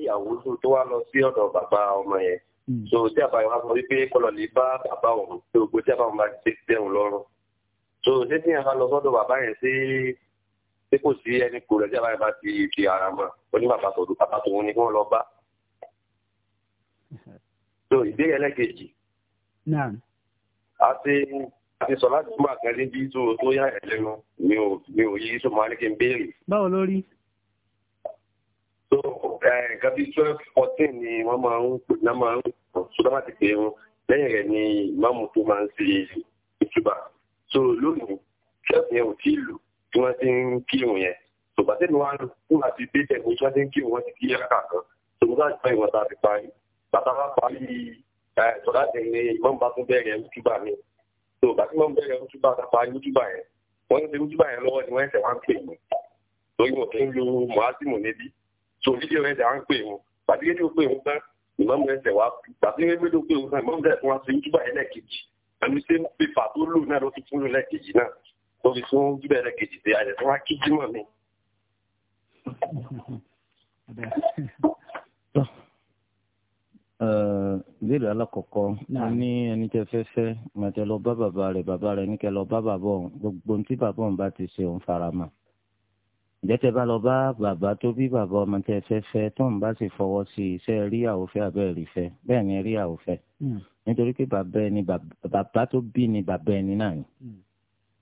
ìyàwó tó wá lọ sí ọ̀dọ̀ bàbá ọmọ yẹn, Hmm. so tí àbáyọ wa sọ wípé kọlọ lè bá bàbá òun tí gbogbo tí àbáwọn bá ti dẹrùn lọ́rùn so ṣé tí yẹn bá lọ sọ́dọ̀ bàbá yẹn sí tí kò sí ẹni kúrò tí àbáyọ bá ti fi ara mọ oní bàbá tòun bàbá tòun ni kí wọn lọ bá so ìbéèrè ẹlẹ́kejì àti àti sọ láti mú àkàndínlẹ́bí tó tó yá ẹ̀ lẹ́nu mi ò mi ò yí sọ mọ́ ní kí n béèrè. báwo ló rí so eh, nǹkan bíi twelve fourteen ni wọ́n máa ń ná máa ń pọ̀ sódà ti pè wọn lẹ́yìn rẹ̀ ni ìmáàmù tó máa ń ṣe ìtúbà so lónìí twelve yẹn ò tí ì lù tí wọ́n ti ń kírun yẹn tòbá tẹ́nu wa lù fún àti dé tẹ̀kùn tí wọ́n ti ń kírun wọ́n ti kí yàrá kan tòbá tó àjùmọ̀ ìwọ̀n tá a ti parí bàtà bá parí sọ̀dá tẹ̀lé ìmáàmù bá tún bẹ̀rẹ̀ ìtúbà mi tòbá tí wọ́n bẹ̀rẹ̀ ìtúbà tá parí ìtúbà yẹn wọ́n ni wọ́n ń ṣẹ̀ wá ń pè mí torí mo ti ń so fídíò ẹsẹ̀ à ń pè wọn pàtíkéjì ó pè wọn tán ìmọ̀mù ẹsẹ̀ wa pàtíkéjì ó pè wọn tán ìmọ̀mù ẹsẹ̀ wọn ṣe yútúbà ẹlẹ́ẹ̀kejì pẹ̀lú ṣé pépà tó lò náà ló fi fún ẹlẹ́ẹ̀kejì náà ló fi fún yútúbà ẹlẹ́ẹ̀kejì ṣe àyẹ̀ tó wá kí jímọ̀ mi. ìbéèrè alákọ̀ọ́kọ́ ní ẹni tẹ fẹ́ fẹ́ màtẹ lọ bá bàbá rẹ̀ bàbá rẹ̀ ní kẹ lọ bá bàbá òun gbogbo ohun tí bàbá òun bá ti ṣe òun fara mọ́ ìjẹ́tẹ̀ bá lọ bá bàbá tó bí bàbá ọmọ tẹ fẹ́ fẹ́ tóun bá sì fọwọ́ sí iṣẹ́ rí àwòfẹ́ abẹ́ rí fẹ́ bẹ́ẹ̀ ni rí àwòfẹ́ hmm. nítorí pé bàbá ẹni bàbá tó bí ni bàbá ẹni náà ni hmm.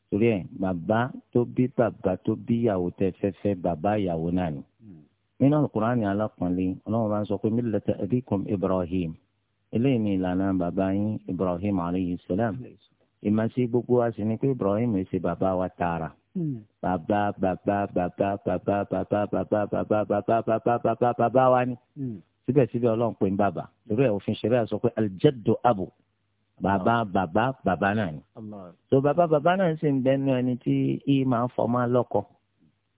torí ẹ bàbá tó bí bàbá tó bí ìyàwó tẹ fẹ́ fẹ́ bàbá ìyàwó náà ni hmm. nínú alukur'ani alápọ̀nlé ọlọ́run bá ń sọ pé millata abikum ibrahim eléyìí ni ìlànà bàbá yín ibrahim aleyhi salam ìmọ̀ sí gbogbo bàbá bàbá bàbá bàbá bàbá bàbá bàbá bàbá bàbá bàbá bàbá wa ni síbẹ̀síbẹ̀ ọlọ́run pè ń bàbá lórí ẹ̀ òfin ṣẹlẹ̀ sọ pé aljaddu abu bàbá bàbá bàbá náà ni so bàbá bàbá náà sì ń bẹnu ẹni tí í máa ń fọmọ lọ́kọ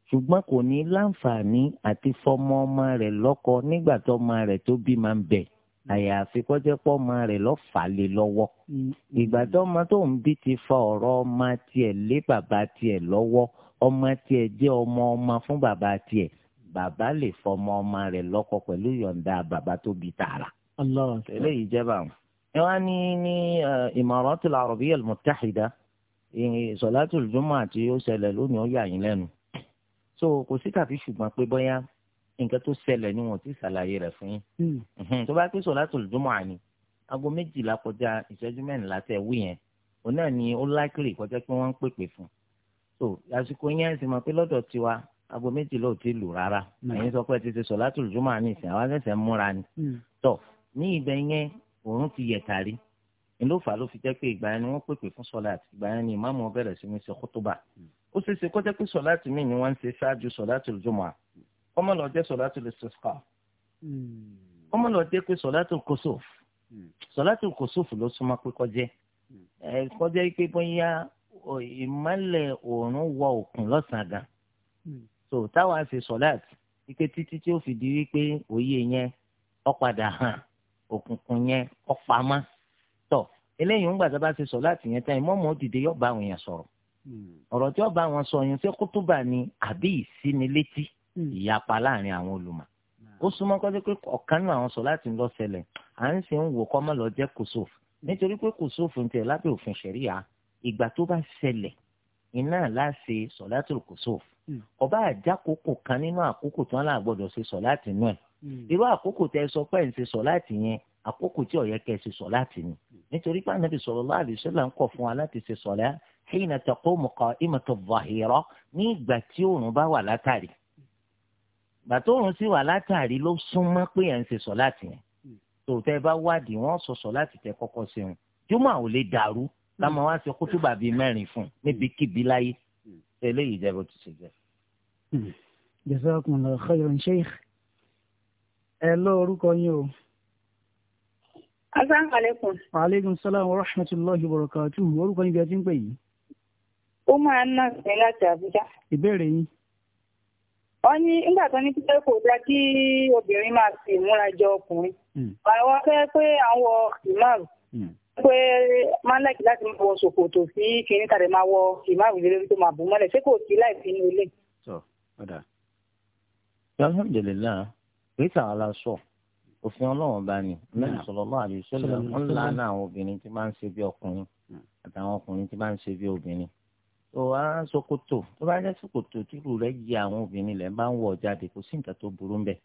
ṣùgbọ́n kò ní láǹfààní àti fọmọ ọmọ rẹ̀ lọ́kọ nígbà tó ọmọ rẹ̀ tó bí máa ń bẹ̀ẹ́ àyàfi kọjá pọ ọmọ rẹ̀ lọ fà lé lọ́wọ́ mm-hmm. ìgbà tó ọmọ tó ń bí ti fa ọ̀rọ̀ ọmọ tiẹ̀ lé bàbá tiẹ̀ lọ́wọ́ ọmọ tiẹ̀ jẹ́ ọmọ ọmọ fún bàbá tiẹ̀ bàbá lè fọmọ ọmọ rẹ̀ lọ́kọ pẹ̀lú yọ̀ǹda bàbá tó bí tààrà. eléyìí jẹ́ báwọn. ẹ wá ní ní Imaratul Arabiya al-Muttahida sọ̀látùl Jumu'ah àti ó ṣẹlẹ̀ lónìí ó yà yín lẹ́nu. so kò sí tàbí ṣùgbọ́n pé bọ́yá nǹkan tó ṣẹlẹ̀ ni wọn ti ṣàlàyé rẹ̀ fún yín hmm. tó bá pé sọ̀látùl jumu'ah ni aago méjìlá kọjá ìṣẹ́jú mẹ́rìnlá tẹ̀ wí yẹn òun náà ni ó láìkìlì kọjá pé wọ́n ń pèpè fún so àsìkò yẹn sì mọ̀ pé lọ́dọ̀ tiwa aago méjìlá ò ti lù rárá hmm. ẹ̀yin sọ pé ẹ ti ṣe sọ̀látùl jumu'ah ìsìn àwọn akẹ́sẹ̀ ń múra ni hmm. tọ̀ ní ibẹ̀ yẹn òun ti yẹ̀ kárí ló fà ló fi jẹ́ pé ìgbà yẹn ni wọ́n pèpè fún sọ̀lát ìgbà yẹn ni ìmáàmù bẹ̀rẹ̀ sí ní ṣe kútúbà ó ṣeé ṣe kó jẹ́ pé sọ̀lát mi ni wọ́n ń ṣe ṣáájú sọ̀látùl jumu'ah kọ́mọ lọ jẹ́ sọ̀látù listisqa kọ́mọ hmm. lọ jẹ́ pé sọ̀látù kusuf hmm. sọ̀látù kusuf ló súnmọ́ pé kọjẹ́ hmm. kọjẹ́ pé bóyá ìmọ̀lẹ̀ òòrùn wọ òkun lọ́sàn-án gan so táwa ṣe sọ̀látù ike títí tí ó fi di wípé òye yẹn ó padà hàn òkùnkùn yẹn ó pamọ́ tọ̀ eléyìí ń gbà tá a bá ṣe sọ̀látù yẹn tán ìmọ̀ọ́mọ́ òdìdé yóò bá àwọn èèyàn sọ̀rọ̀ ọ̀rọ̀ tí ó bá àwọn sọ yẹn ṣé kútúbà ni àbí ìsínilétí ìyapa láàrin àwọn olùmọ̀ ó súnmọ́ kọ́jọ́ pé ọ̀kan nínú àwọn sọ láti lọ ṣẹlẹ̀ à ń ṣe ń wò kọ́ mọ́ lọ jẹ́ kòsófù nítorí pé kòsófù ń tẹ̀ lábẹ́ òfin ṣẹ̀ríà ìgbà tó bá ṣẹlẹ̀ iná láṣe sọ̀látùl hmm. kòsófù ọba àjákòókò kan nínú àkókò tí wọ́n là gbọ́dọ̀ ṣe sọ̀láàtì náà hmm. irú àkókò tẹ sọ pé ń ṣe sọ̀láàtì yẹn àkókò tí ó yẹ kẹ́ ṣe sọ̀láàtì ni hmm. nítorí pé Ànábì sallallahu alaihi wasallam ń kọ̀ fún wa láti ṣe sọ̀lá hina taqumu qa'imatu dhahira ní ìgbà gbàtó òun sì wà látàrí ló súnmọ́ pé ẹ̀ ń ṣe sọ láti yẹn tòótẹ́ hmm. bá wádìí wọ́n sọ sọ láti tẹ kọ́kọ́ sí wọn jùmọ̀ ò lè dàrú hmm. láwọn wá ṣe kútùbà bíi mẹ́rin fún un níbikíbi hmm. láyé tẹ́lẹ̀ yìí jẹ́ bó ti ṣe jẹ́. jazakumullahu khairan sheikh ẹ lọ orúkọ yín o. asalaamualeykum. maaleykum salaam wa rahmatulahi wa barakatuhu orúkọ yín bí a ti ń pè yìí. ó máa ń nà sí láti àbújá. ìbéèrè yín wọ́n ní nígbà tó ní pípẹ́ kò dá kí obìnrin máa fi ìmúra jọ ọkùnrin hmm. àwọn afẹ́ pé àwọn ìmáàrù hmm. pé máa ń láìkí láti máa wọ ṣòkòtò sí kìnní tàbí máa wọ ìmáàrù ìlérí tó máa bù mọ́lẹ̀ ṣé kò sí láìpẹ́ inú ilé. alhamdulilayi rita alasọ òfin Ọlọ́run bá ní lẹ́yìn sọlọlọ àdìsọlẹ ńlá náà àwọn obìnrin tí máa ń ṣe bí ọkùnrin àtàwọn ọkùnrin tí máa ń ṣe bí obìnrin tó wá ṣòkòtò tó bá jẹ́ ṣòkòtò tírú rẹ̀ yí àwọn obìnrin lẹ̀ bá ń wọ̀ jáde kò sí nǹkan tó burú ń bẹ̀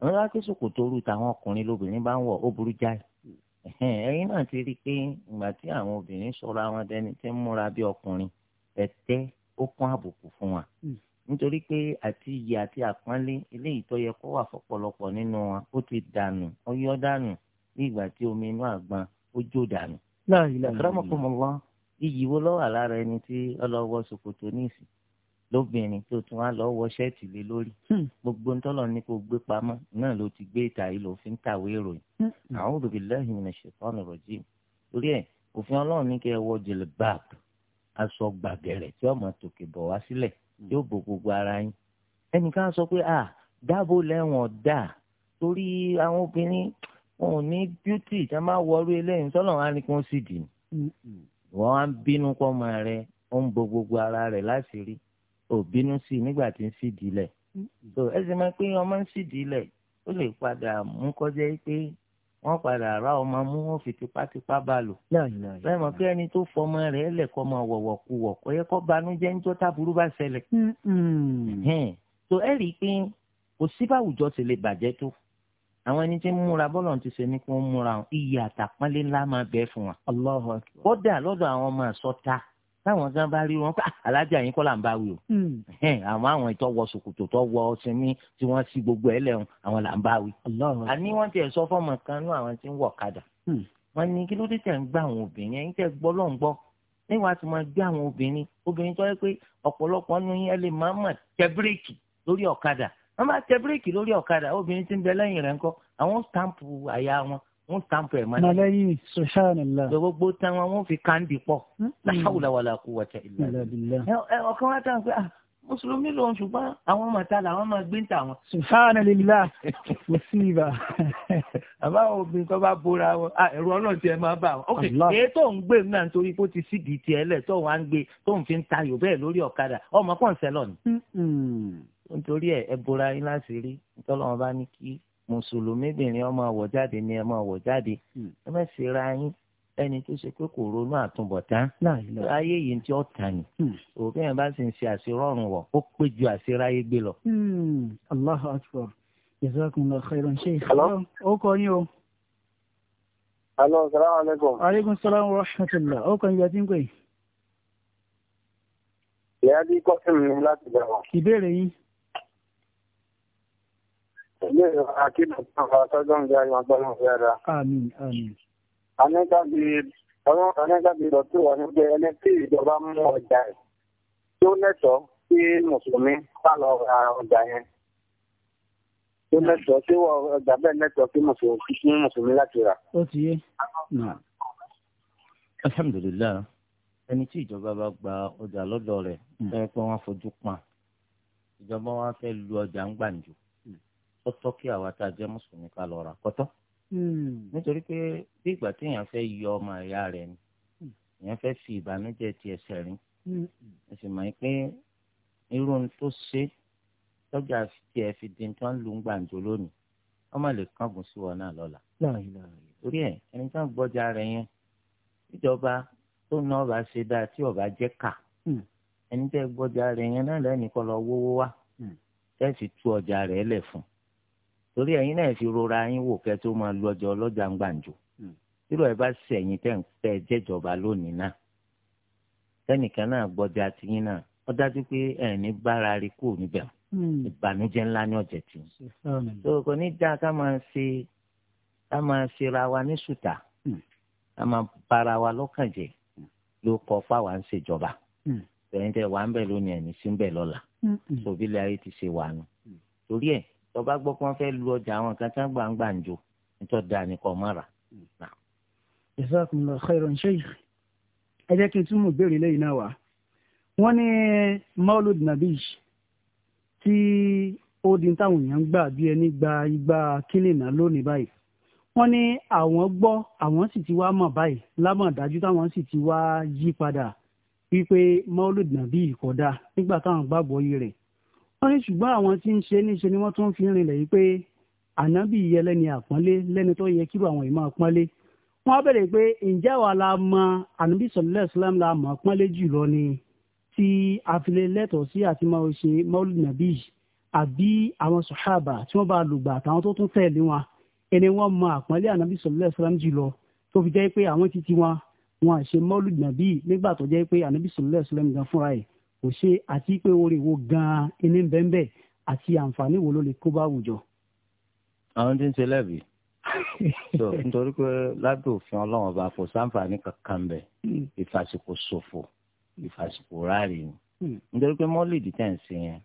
àwọn bá ké ṣòkòtò rú táwọn ọkùnrin lóbìnrin bá ń wọ̀ ó burú jáì ẹ̀yin náà ti rí i pé ìgbà tí àwọn obìnrin sọ̀rọ̀ àwọn dẹni tí ń múra bí ọkùnrin tẹ̀tẹ́ ó kún àbùkù fún wa hmm. nítorí pé àti iyì àti àpọ́nlé eléyìí tó yẹ kó wà fọ́pọ̀lọpọ̀ nínú wa ó ti dànù ó yọ́ dànù ní ìgbà tí omi inú àgbọn ó jó dànù. láàyè láàyè àkàràmọ̀kùnmọ̀ wọn iyì wo ló wà lára ẹni tí ọlọ́wọ́ ṣòkòtò ní ìsìn lóbìnrin tó tún wá lọ́ọ́ wọ ṣẹ́ẹ̀tì lé lórí hmm. gbogbo ń tọ́lọ̀ ní kó gbé pamọ́ náà ló ti gbé ìta yìí ló fi ń kàwé ìròyìn hmm. a'udhu billahi minash shaitani rajim torí ẹ̀ òfin ọlọ́run ní kí ẹ wọ jilbab aṣọ gbàgẹ̀rẹ̀ tí ọmọ tòkè bọ̀ wá sílẹ̀ hmm. yóò bo gbogbo ara yín ẹnìkan sọ pé ah dáàbò lẹ́wọ̀n dà torí àwọn obìnrin wọn ò ní bíútì tí wọ́n bá wọrú eléyìí tọ́lọ̀ wá ní kí wọ́n sì dì wọ́n á bínú pọ́ ọmọ rẹ ó ń bo gbogbo ara rẹ̀ láṣìírí ò bínú sí i nígbà tí ń sídìí lẹ̀ mm-hmm. so ẹ sì máa pé ọmọ ń sídìí lẹ̀ ó lè padà mú kọjá pé wọ́n padà ra ọmọ mú wọn fi tipátipá bá lò bẹ́ẹ̀ mọ̀ pé ẹni tó fọmọ rẹ̀ lẹ̀kọ́ máa wọ̀wọ̀ kú wọ̀ kọ́ yẹ kó banújẹ́ ń jọ́tà burú bá ṣẹlẹ̀ mm-hmm. so ẹ rí i pé kò sí báwùjọ ṣe lè bàjẹ́ tó àwọn ẹni tí ń múra bọ́lọ̀ ti ṣe ní kí wọ́n múra wọn iyì àtàpọ́nlé ńlá máa bẹ fún wọn. kódà lọ́dọ̀ àwọn ọmọ àsọta táwọn gan bá rí wọn pé ah, alájà yín kọ́ là ń bá wí o. Hmm. àwọn àwọn ìtọ́ wọ ṣòkòtò tó wọ sinmi tí wọ́n sí gbogbo ẹ̀ lẹ́hùn àwọn là ń bá wí. àní wọ́n ti sọ fọ́mọ kan ní àwọn tí ń wọ̀ kadà. Hmm. wọ́n ní kí tẹ̀ ń gbá àwọn obìnrin ẹ̀yin tẹ̀ gbọ́ lọ́n gbọ́ tí wọ́n gbé àwọn obìnrin obìnrin tó yẹ pé ọ̀pọ̀lọpọ̀ nínú yín lè má mà tẹ bíréèkì lórí ọ̀kadà wọ́n bá tẹ bíréèkì lórí ọ̀kadà obìnrin tí ń bẹ lẹ́yìn rẹ̀ ńkọ́ àwọn stamp àyà wọn wọ́n stamp ẹ̀ mọ́lẹ̀. mọ̀lẹ́yìn sọ̀ṣánilá. gbogbo tán wọn wọ́n fi káńdì pọ̀ láwùláwàlà kú wọ̀tẹ̀ ìlànà. ọ̀kan wá tán pé ah mùsùlùmí lòun ṣùgbọ́n àwọn màtá làwọn máa gbé ń tà wọn. sùfàánàlélá kò sí ibà. àbá obìnrin kan bá bóra wọn ah, ẹ̀rù ọlọ́run tiẹ̀ máa bà wọn. ok èyí tó ń gbé náà nítorí pé ó ti sídìí tiẹ̀ lẹ̀ tó wàá ń gbé tó ń fi ń tayò bẹ́ẹ̀ lórí ọ̀kadà ọmọ pọ̀ ń sẹ́lọ̀ ni nítorí ẹ ẹ bora yín láṣìírí tọ́lọ́wọ́n bá ní kí mùsùlùmí bìnrin ọmọ àwọ̀ jáde ni ẹ máa wọ̀ jáde hmm. ẹ má ṣe ra yín ẹni tó ṣe pé kò ronú àtúbọ̀tán ayé yìí tí ó tà ní hmm. òbí yẹn bá sì ń ṣe àṣerọ́rùn wọ̀ ó pé ju àṣeráyé gbé lọ. Hmm. Allahu akbar jazakumullahu khairan sheikh. ó kọ yín o. alo salaamu aleykum. salaam wa rahmatulah ó kọ yín yàtí ń pè. ìyá Anẹ́gbàgbèrò tó wà ní jẹ́ ẹni tí ìjọba mú ọjà ẹ̀ tó lẹ́tọ̀ọ́ sí Mùsùlùmí bá lọ ra ọjà yẹn. Tó lẹ́tọ̀ọ́ sí ọjà bẹ́ẹ̀ lẹ́tọ̀ọ́ sí Mùsùlùmí láti rà. Ó ti yé. Alhamdulilayi, ẹni tí ìjọba bá gba ọjà lọ́dọ̀ rẹ̀, hmm. ẹ pé wọ́n fojú pa. Ìjọba wa fẹ́ lu ọjà ń gbàǹjo ọtọ́ kí àwa tá a jẹ́ mùsùlùmí ká lọ rà kọ́tọ́. Hmm. nítorí pé bí ìgbà tí èèyàn fẹ́ yọ ọmọ ìyá rẹ̀ ni hmm. èèyàn fẹ́ fi ìbànújẹ́ tiẹ̀ sẹ̀rin ẹ̀sìn hmm. mọ̀ pé irú ohun tó ṣe tọ́jà tiẹ̀ fi di tó ń lu gbàǹjo lónìí wọ́n má lè kángun sí wọn náà lọ́la. torí ẹ ẹni tí wọ́n gbọ́jà rẹ̀ yẹn ìjọba tó ná ọba ṣe dáa tí ọba jẹ́ kà ẹni tẹ́ gbọ́jà rẹ̀ yẹn náà lẹ́nu kọ́ lọ wówó wá tẹ́ tú ọjà rẹ̀ lẹ̀ fún un. torí ẹ̀yin náà fi rora yín wò kẹ́ tó máa lu ọjọ́ ọlọ́jà ń gbàǹjo hmm. irú ẹ̀ bá sì tẹ ń lónìí náà tẹ́nìkan náà àti àtìyín náà ó dájú pé ẹni bára rí kú níbẹ̀ hmm. ńlá ní tì í tó kò ní ká máa ṣe ká máa ṣera wa ní hmm. wa lọ́kàn ló kọ wà ń lónìí sí ń lọ́la ti ṣe wà tó bá gbọ́ pé wọ́n fẹ́ lu ọjà àwọn kan tí wọ́n gbà ń gbà ń jò nítorí dáa ni kò mọ́ra. jazakumullahu khairan sheikh ẹ jẹ́ kí n túmọ̀ béèrè lẹ́yìn náà wá wọ́n ní maulud nabish tí ó di táwọn èèyàn gbà bí ẹni gba igba kílìnà lónìí báyìí wọ́n ní àwọn gbọ́ àwọn sì ti wá mọ̀ báyìí lámọ̀dájú táwọn sì ti wá yí padà wípé maulud nabi kò dáa nígbà táwọn gbàgbọ́ yìí rẹ̀ wọ́n ní ṣùgbọ́n àwọn tí ń ṣe níṣe ni wọ́n tún fi rinlẹ̀ yìí pé ànábì yẹ lẹ́ni àpọ́nlé lẹ́ni tó yẹ kírò àwọn ìmọ̀ àpọ́nlé wọ́n á bẹ̀rẹ̀ pé ǹjẹ́ wa la mọ ànábì sọ̀lẹ́ islam la mọ̀ àpọ́nlé jùlọ ni tí àfilẹ̀ lẹ́tọ̀ọ́ sí àti máa ṣe maulid nabi àbí àwọn sọ̀hábà tí wọ́n bá lùgbà àtàwọn tó tún tẹ̀lé wọn ẹni wọ́n mọ àpọ́nlé ànábì sọ̀lẹ́ islam jùlọ tó fi jẹ́ pé àwọn títí wọn wọn àṣe maulid nabi nígbà tó jẹ́ pé ànábì sọ̀lẹ́ islam gan fúnra yìí kò ṣe àti pé oore wo gan-an iní bẹ́ẹ̀ àti àǹfààní wo ló lè kó bá àwùjọ. àwọn tí ń ṣe lẹ́bi so nítorí pé lábẹ́ òfin ọlọ́run ọba kò sáǹfààní kankan bẹ̀ hmm. ìfàsìkò ṣòfò ìfàsìkò ráàlì ni hmm. nítorí pé mọ́lìdì tẹ̀ ń sìn yẹn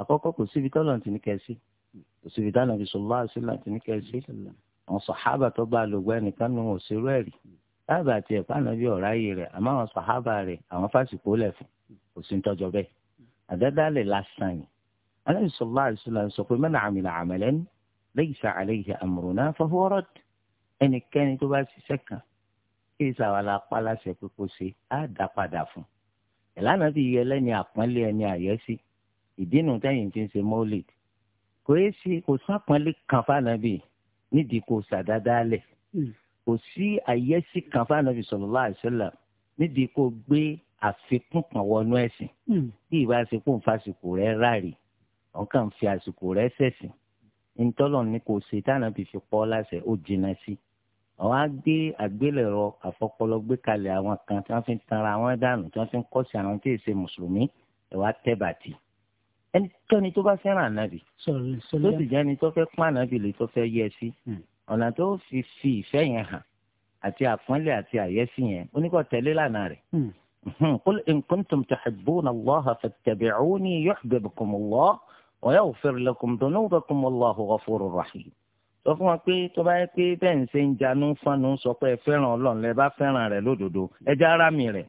àkọ́kọ́ kò síbi tọ́lọ̀ ti ní kẹ́sí kò síbi tọ́lọ̀ ti sọ lọ́wọ́ sílẹ̀ ti ní kẹ́sí àwọn sàhábà tó bá lògbà ẹnìkan nù òṣèré ẹ̀rí táàbà tiẹ̀ pàànà bí ọ̀ráyè rẹ̀ àmọ́ àwọn sàhábà rẹ̀ àwọn fásitì kò lẹ̀ fún kò sí tọjọ bẹ́ẹ̀ àdádálẹ̀ lásán yìí aláìsí sọlá àìsílà sọ pé mẹ́nà àmìlà àmàlẹ́ ní lẹ́yìn sá àlẹ́yìn àmùrùnà fọwọ́rọ́ ẹnikẹ́ni tó bá ṣiṣẹ́ kan kí ẹ sàwọn alápáláṣẹ pé kó ṣe á dá padà fún ìlànà bí iye ẹlẹ́ni àpọ́nlé ẹni àyẹ́sí ìdínú tẹ́yìn ti ń ṣe mọ́lẹ̀d kò é ṣe kò sápọ́nlé kan fànàbì nídìí kò sàdádálẹ̀ hmm. kò sí àyẹ́sí kan fànàbì sallallahu alaihi nídìí kò gbé àfikún kan wọnú ẹ̀sìn tí hmm. ìbá ṣe kó n fa àsìkò rẹ̀ ráàrí ọ̀kan fi àsìkò rẹ̀ ṣẹ̀sìn ntọ́lọ̀ ní kò ṣe tánà fi fi pọ́ láṣẹ ó jìnnà sí àwọn agbé àgbélẹ̀rọ àfọpọlọ gbé kalẹ̀ àwọn kan tí wọ́n fi ń tanra àwọn dànù tí wọ́n fi ń kọ́sí àwọn tí èsè mùsùlùmí ẹ̀wà tẹ́bàtì ẹnikẹ́ni tó bá fẹ́ràn ànábì tó sì jẹ́ni tó fẹ́ pọ́n ànábì lè tó fẹ́ yẹ sí hmm. ọ̀nà tó fi fi ìfẹ́ yẹn hàn àti àpọ́nlé àti àyẹ́sí yẹn oníkọ̀ tẹ́lẹ̀ lánàá rẹ̀ hmm. قل إن كنتم تحبون الله فاتبعوني يحببكم الله ويغفر لكم ذنوبكم والله غفور رحيم sọ fún wa pé tó bá yẹ pé bẹ́ẹ̀ ń ṣe ń janú fanu sọ pé ẹ fẹ́ràn ọlọ́run lẹ bá fẹ́ràn rẹ lódodo ẹ já ara mi rẹ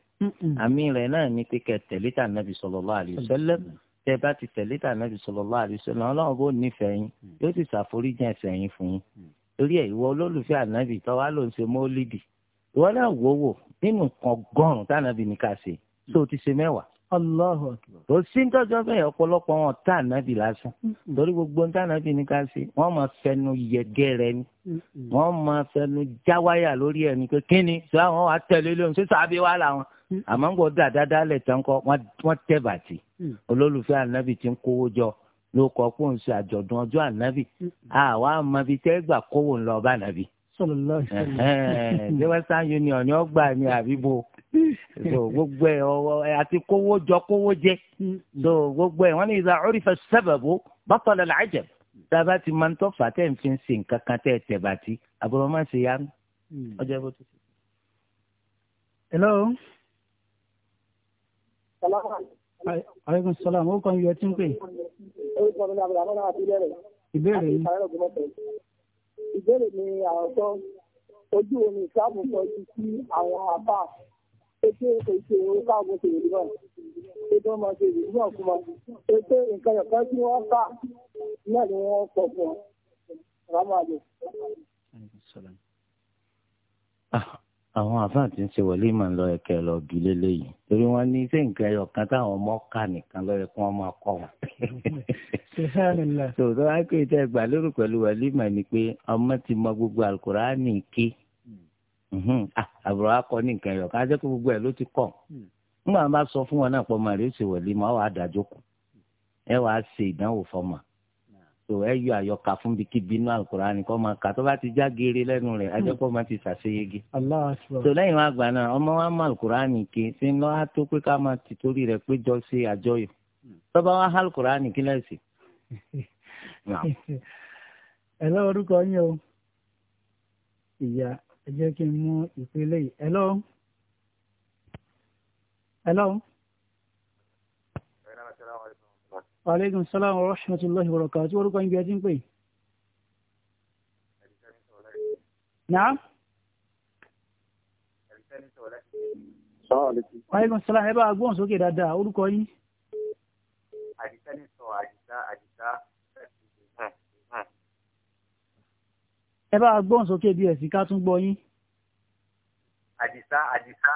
àmì rẹ náà ni pé kẹ tẹ̀lé tà nàbì sallallahu alaihi wasallam tẹ bá ti tẹ̀lé tà nàbì sallallahu alaihi wasallam ọlọ́run bó nífẹ̀ẹ́ yín mm. yóò sì ṣàforíjì ẹ̀ṣẹ̀ yín fún yín mm. torí ẹ̀ ìwọ olólùfẹ́ ànábì tó ló ń ṣe mọ́lídìí ìwọ náà wò wò nínú nǹkan ọgọ́rùn-ún tánàbí ni ká ṣe tó o ti ṣe mẹ́wàá. Allahu akbar. Kò sí ntọ́jọ́ bẹ́ẹ̀ ọ̀pọ̀lọpọ̀ wọn tá ànábì lásán. Torí gbogbo ń tá ànábì ní ká ṣe. Wọ́n máa fẹnu yẹgẹrẹ ni. Wọ́n máa fẹnu jáwáyà lórí ẹni pé kí ni sọ àwọn wa tẹ̀lé lóhùn sí sàbí wa làwọn. Àmọ́ ń gbọ́ dáadáa lẹ̀ tán kọ́ wọ́n tẹ̀ bàtì. Mm. Olólùfẹ́ ànábì ti ń kówó jọ ló kọ́ pé òun ṣe àjọ̀dún ọjọ́ ànábì. Àwa máa fi tẹ́ gbà kówó ńlọ ṣé western union ni ó gbà ní àbíbo so gbogbo ẹ ọwọ àti kówó jọ kówó jẹ so gbogbo ẹ wọn ní ìdá orífẹ sábàbò bàtọlẹ làájẹ dábàá ti máa ń tọ́ fàtẹ́ ń fi ń sìn kankan tẹ́ ẹ tẹ̀ bàtí àbúrò máa ń ṣe yá hmm. ọjọ́ ìbò tó ṣe. hello. aleykum salaam o kàn yọ ẹ tí ń pè. ìbéèrè yìí ìbéèrè mi àkọ́kọ́ ojú omi ìsáàbù kọjú sí àwọn apá ètò ètò orúkọ àgùntè ìlú náà ètò ọmọ ṣe ìlú náà fún wa ètò nǹkan ẹ̀kọ́ tí wọ́n kà náà ni wọ́n pọ̀ fún ọ àwọn àfáà tí ń ṣe wọ̀límà lọ ẹkẹ lọ bí lélẹyìí torí wọn ní ṣé nǹkan ẹyọ kan táwọn ọmọ kà nìkan lọ yẹ kí wọn máa kọ wọn. tòótọ́ àìkú ìtẹ́ ẹgbàá lérò pẹ̀lú wọ̀límà ni pé ọmọ ti mọ gbogbo àlùkùránì ké hmm. ah, àbúrò akọ ní nǹkan ẹyọ ká jẹ́ kó gbogbo ẹ̀ ló ti kọ̀ hmm. nígbà wọn bá sọ fún wọn náà pọ̀ màrí ó ṣe wọ̀límà ọ̀ àdájókòó ẹ wàá ṣe ìdánwò fọmọ so ẹ yọ àyọkà fún bí kí bínú alukurani kọ́ máa kà tó bá ti já geere lẹ́nu rẹ̀ ajẹ́pọ̀ máa ti ṣàṣeyege. so lẹ́yìn wá gbà náà ọmọ wa máa alukurani ké ṣe ń lọ́ á tó pé ká máa ti torí rẹ̀ pé jọ ṣe àjọyọ̀ tó bá wá alukurani kí lẹ́sì. ẹ orúkọ yín o ìyá ẹ jẹ́ kí n mú ìpele yìí ẹ lọ. aleykum salaam wa rahmatulahi wa barakatuh orúkọ ibi ẹtí ń pè. naam. aleykum salaam ẹ bá a gbóhùn sókè dáadáa orúkọ yín. àdìsá ní sọ àdìsá àdìsá. ẹ sókè bí ẹ̀sìn ká tún gbọ́ yín. àdìsá àdìsá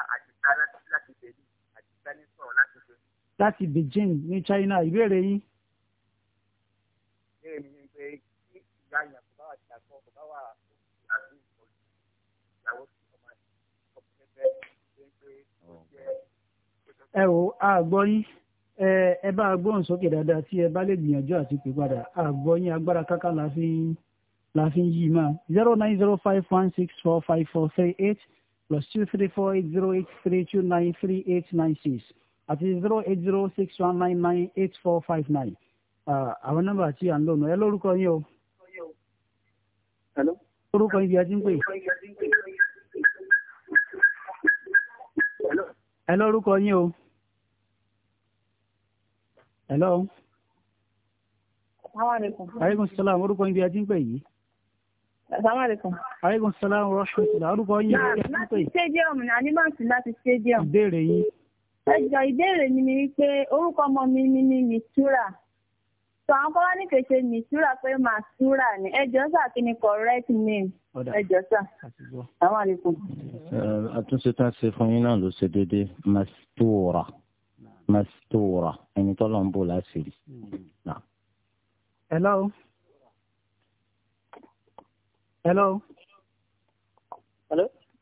láti Beijing ní China ìbéèrè yín. ìbéèrè mi ni pé kí ìyá yẹn kò bá wà sí àgbọ̀ kò bá wà àbí ìkọlù ìyàwó sí ọmọ ẹ o a gbọ́ yín ẹ bá a gbóhùn sókè dáadáa tí ẹ bá lè gbìyànjú àti pè padà a yín agbára káká la fi ń la fi ń yí máa zero nine zero five one six four five four three eight plus two three four eight zero eight three two nine three eight nine six àti zero eight zero six one nine nine eight four five nine ah, àwọn nọ́mbà tí à ń lò nù ẹ lórúkọ yín o. orúkọ yín bí a ti ń pè. ẹ lórúkọ yín o. hello. Assalamualaikum. Aleykum salaam orúkọ yín bí a ti ń pè yìí. Assalamualaikum. Aleykum salaam wa rahmatulah orúkọ yín bí a ti ń pè. Náà stadium ní Alimọ̀sí láti stadium. Ìbéèrè yín ẹjọ ìbéèrè mi ni wípé orúkọ ọmọ mi ni ni mistura sọ àwọn kọ́lá ní kèsè mistura pé masura ni ẹjọ sà kí ni correct name ẹjọ sà àwọn àlekò. àtúnṣe tá a ṣe fún yín náà ló ṣe déédéé mastura mastura ẹni tọ́lọ̀ ń bò láṣìírí. hello. hello.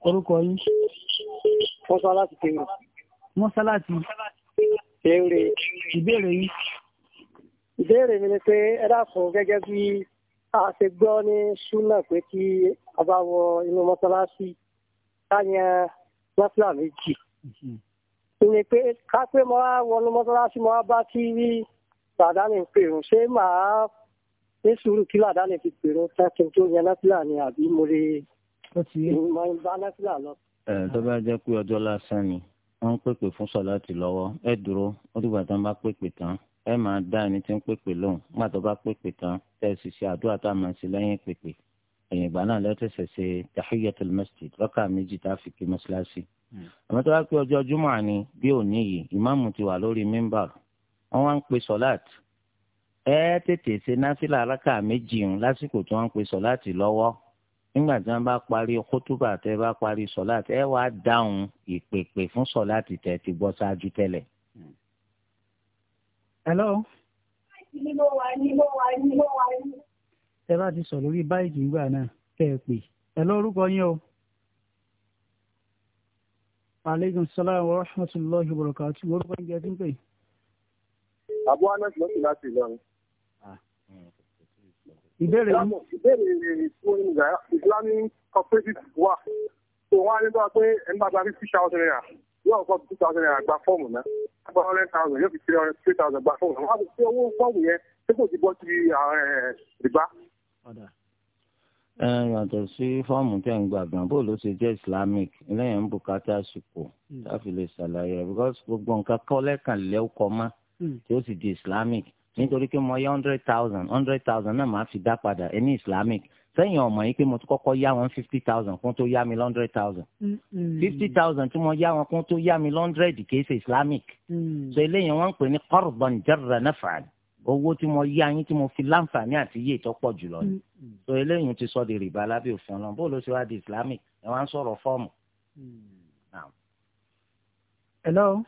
orúkọ yín. wọ́n aláṣẹ kéwìn mọ́sálásí béèrè ìbéèrè yìí. ìbéèrè mi ni pé ẹ dákun gẹ́gẹ́ bí a ṣe gbọ́ ní ṣúnà pé kí a bá wọ inú mọ́sálásí ká yan mọ́sálà méjì. ìní mhm. pé ká pé mo wá wọnú mọ́sálásí mo wá bá kí rí làdáni pèrún ṣé màá ní sùúrù kí làdáni fi pèrún tán kí n tó yan nọ́sílà ni àbí mo lè bá nọ́sílà lọ. tó bá jẹ́ pé ọjọ́ lásán ni wọ́n ń pèpè fún sọ̀láàtì lọ́wọ́ ẹ dúró ó dìgbà tán bá pèpè tán ẹ máa dá ẹni tí ń pèpè lóhùn nígbà tó bá pèpè tán tẹ́ ẹ sì ṣe àdúrà tá a máa ṣe lẹ́yìn pèpè ẹ̀yìn ìgbà náà lẹ́tẹ̀sẹ̀ ṣe tahiyatul masjid lọ́kà méjì tá a fi kí mọ́ṣáláṣí. Hmm. àmọ́ tó bá pé ọjọ́ júmọ̀ ni bí òní yìí ìmáàmù ti wà lórí mímbà wọ́n wá ń pe sọ̀láàtì ẹ tètè ṣe náfìlà alákà méjì lásìkò tí wọ́n ń pe sọ̀láàtì lọ́wọ́ nígbà tí wọn bá parí kótóbà tẹ bá parí sọláàtì ẹ wàá dáhùn ìpèpè fún sọláàtì tẹ ti gbọ́ ṣáájú tẹ́lẹ̀. hello. ẹ bá ti sọ lórí báyìí nígbà náà kẹ ẹ pè ẹ lórúkọ yín o. aleykum salaam wa rahmatulahi wa barakatu orúkọ yín jẹ́ tí ń pè. àbúrò anas ló láti Ìlọrin. Ah, ìbéèrè yìí. ìbéèrè ìfowópamọ́ islamic cooperative wà tó wọ́n á ní bá pé ẹni bá gba fifty thousand naira yóò kọ́ two thousand naira gba fọ́ọ̀mù náà gba hundred thousand yóò fi three hundred three thousand gba fọ́ọ̀mù náà wọ́n á fi owó fọ́ọ̀mù yẹn tí kò ti bọ́ sí eh, rìbá. yàtọ̀ sí fọ́ọ̀mù tẹ̀ ń gbà gan bó ló jẹ́ islamic lẹ́yìn bùkátà àsìkò hmm. láfi lè ṣàlàyé because gbogbo nǹkan kọ́ lẹ́kàn nítorí pé mo yá hundred thousand hundred thousand náà máa fi dá padà ẹ ní islamic sẹ́yìn ọ̀mọ̀ yìí pé mo ti kọ́kọ́ yá wọn fifty thousand kún tó yá mi hundred thousand fifty thousand tí mo yá wọn kún tó yá mi hundred kìí ṣe islamic mm. so eléyìí wọ́n ń pè ní qardhan jarra naf'an owó tí mo yá yín tí mo fi láǹfààní àti iye ìtọ́pọ̀ jùlọ ni so eléyìí ti sọ di rìbá lábẹ́ òfin ọlọ́run bó ló ṣe wá di islamic ẹ wá ń sọ̀rọ̀ fọ́ọ̀mù. Mm. hello.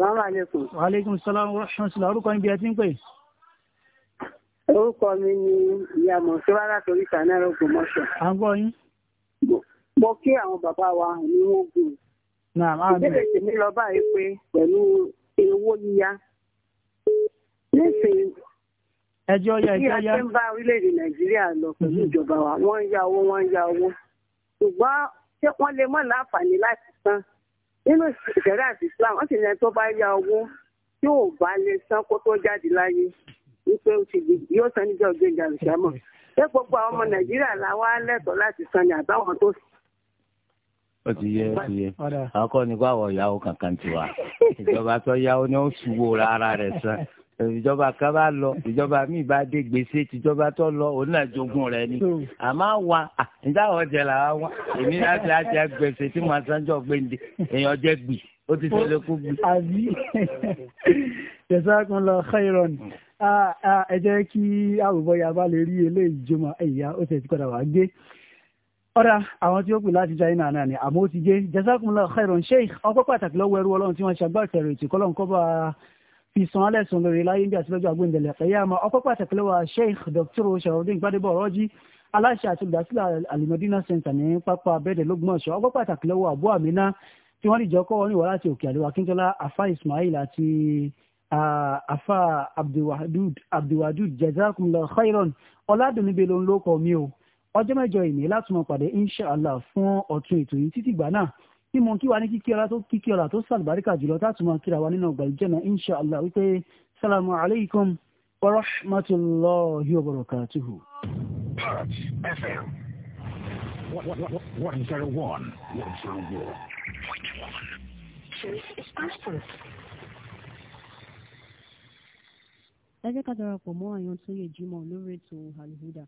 Assalamu alaikum. Wa alaikum assalam wa rahmatullah. Orúkọ ibi ẹ ti ń pè. Orúkọ mi ni ìyá Mọ̀síwárà torí Sanẹ́rì Ògbómọ̀ṣọ́. À ń gbọ́ yín. Mo kí àwọn bàbá wa ní wọ́n gùn. Ìbéèrè tèmi lọ báyìí pé pẹ̀lú owó yíyá. Nísìnyí ẹjọ́ ya ìjọ́ ya. bí a ti ń bá orílẹ̀-èdè nàìjíríà lọ pẹ̀lú hmm. ìjọba wa wọ́n ń ya owó wọ́n ń ya owó ṣùgbọ́n ṣé wọ́n lè mọ̀ láǹfààní láti san nínú ìṣẹ̀dá àti Islam wọ́n sì ní ẹni tó bá yá owó yóò bá lè san kó tó jáde láyé wípé ó ti yóò san níjọ́ gbẹ̀ngà ìṣàmọ̀ ṣé gbogbo àwọn ọmọ Nàìjíríà làwọn lẹ́tọ̀ láti san ní àbáwọn tó kankan ìjọba ni ó rárá san. ìjọba kan bá lọ ìjọba míì bá dé gbèsè tìjọba tó lọ òun náà jogún rẹ ni àmọ́ wa níta àwọn jẹ là wá èmi láti láti gbèsè tí màá sanjọ gbèǹde èèyàn jẹ gbì ó ti ṣẹlẹ̀ kú gbì. àbí jazakumullahu khairan ẹ jẹ́ kí àwòbọ̀ ya bá lè rí eléyìí jọmọ ẹ̀yà ó tẹ̀ sí padà wá gbé ọ̀rá àwọn tí ó kù láti China náà ni àmọ́ ó ti gé jazakumullahu khairan sheikh ọpẹ́ pàtàkì lọ́wọ́ ẹrú ọlọ́run tí wọ́n ṣàgbàtẹ̀rẹ̀ ètò kọ́lọ́nkọ́ fi san alẹ́sùn lórí láyé bí àtìlọ́jọ́ àgbéǹdẹ̀lẹ̀ fẹ̀yàmà ọpọ́ pàtàkì lọ́wọ́ sheikh dr sharafdin gbadebo ọ̀rọ́jì aláṣẹ àti olùdásílẹ̀ alimọ̀dínà center ní pápá abẹ́ẹ̀dẹ̀ lọ́gbọ̀nsọ ọpọ́ pàtàkì lọ́wọ́ àbú àmínà tí wọ́n dìjọ́ kọ́ wọn níwọ̀ láti òkè àdúrà akíntola afa ismail àti afa abdulwadud jazakumullah khairon ọ̀làdùnmí bẹ́ẹ̀ ló ń lókọ̀ mi o ọjọ́ mẹ́jọ ìní láti mọ̀ pàdé inshallah fún ọ̀tún ètò yìí títí gbà náà tí mo kí wa ní kíkí ọlá tó kíkí ọlá tó sàlùbáríkà jùlọ táàtù máa kíra wa nínú ọgbà ìjẹ́nà insha allah wípé salamu alaykum wa rahmatulahi wa barakatuhu. ẹ jẹ́ ká darapọ̀ mọ́ àyàn tó yẹ jímọ̀ lórí ètò àlùhùdà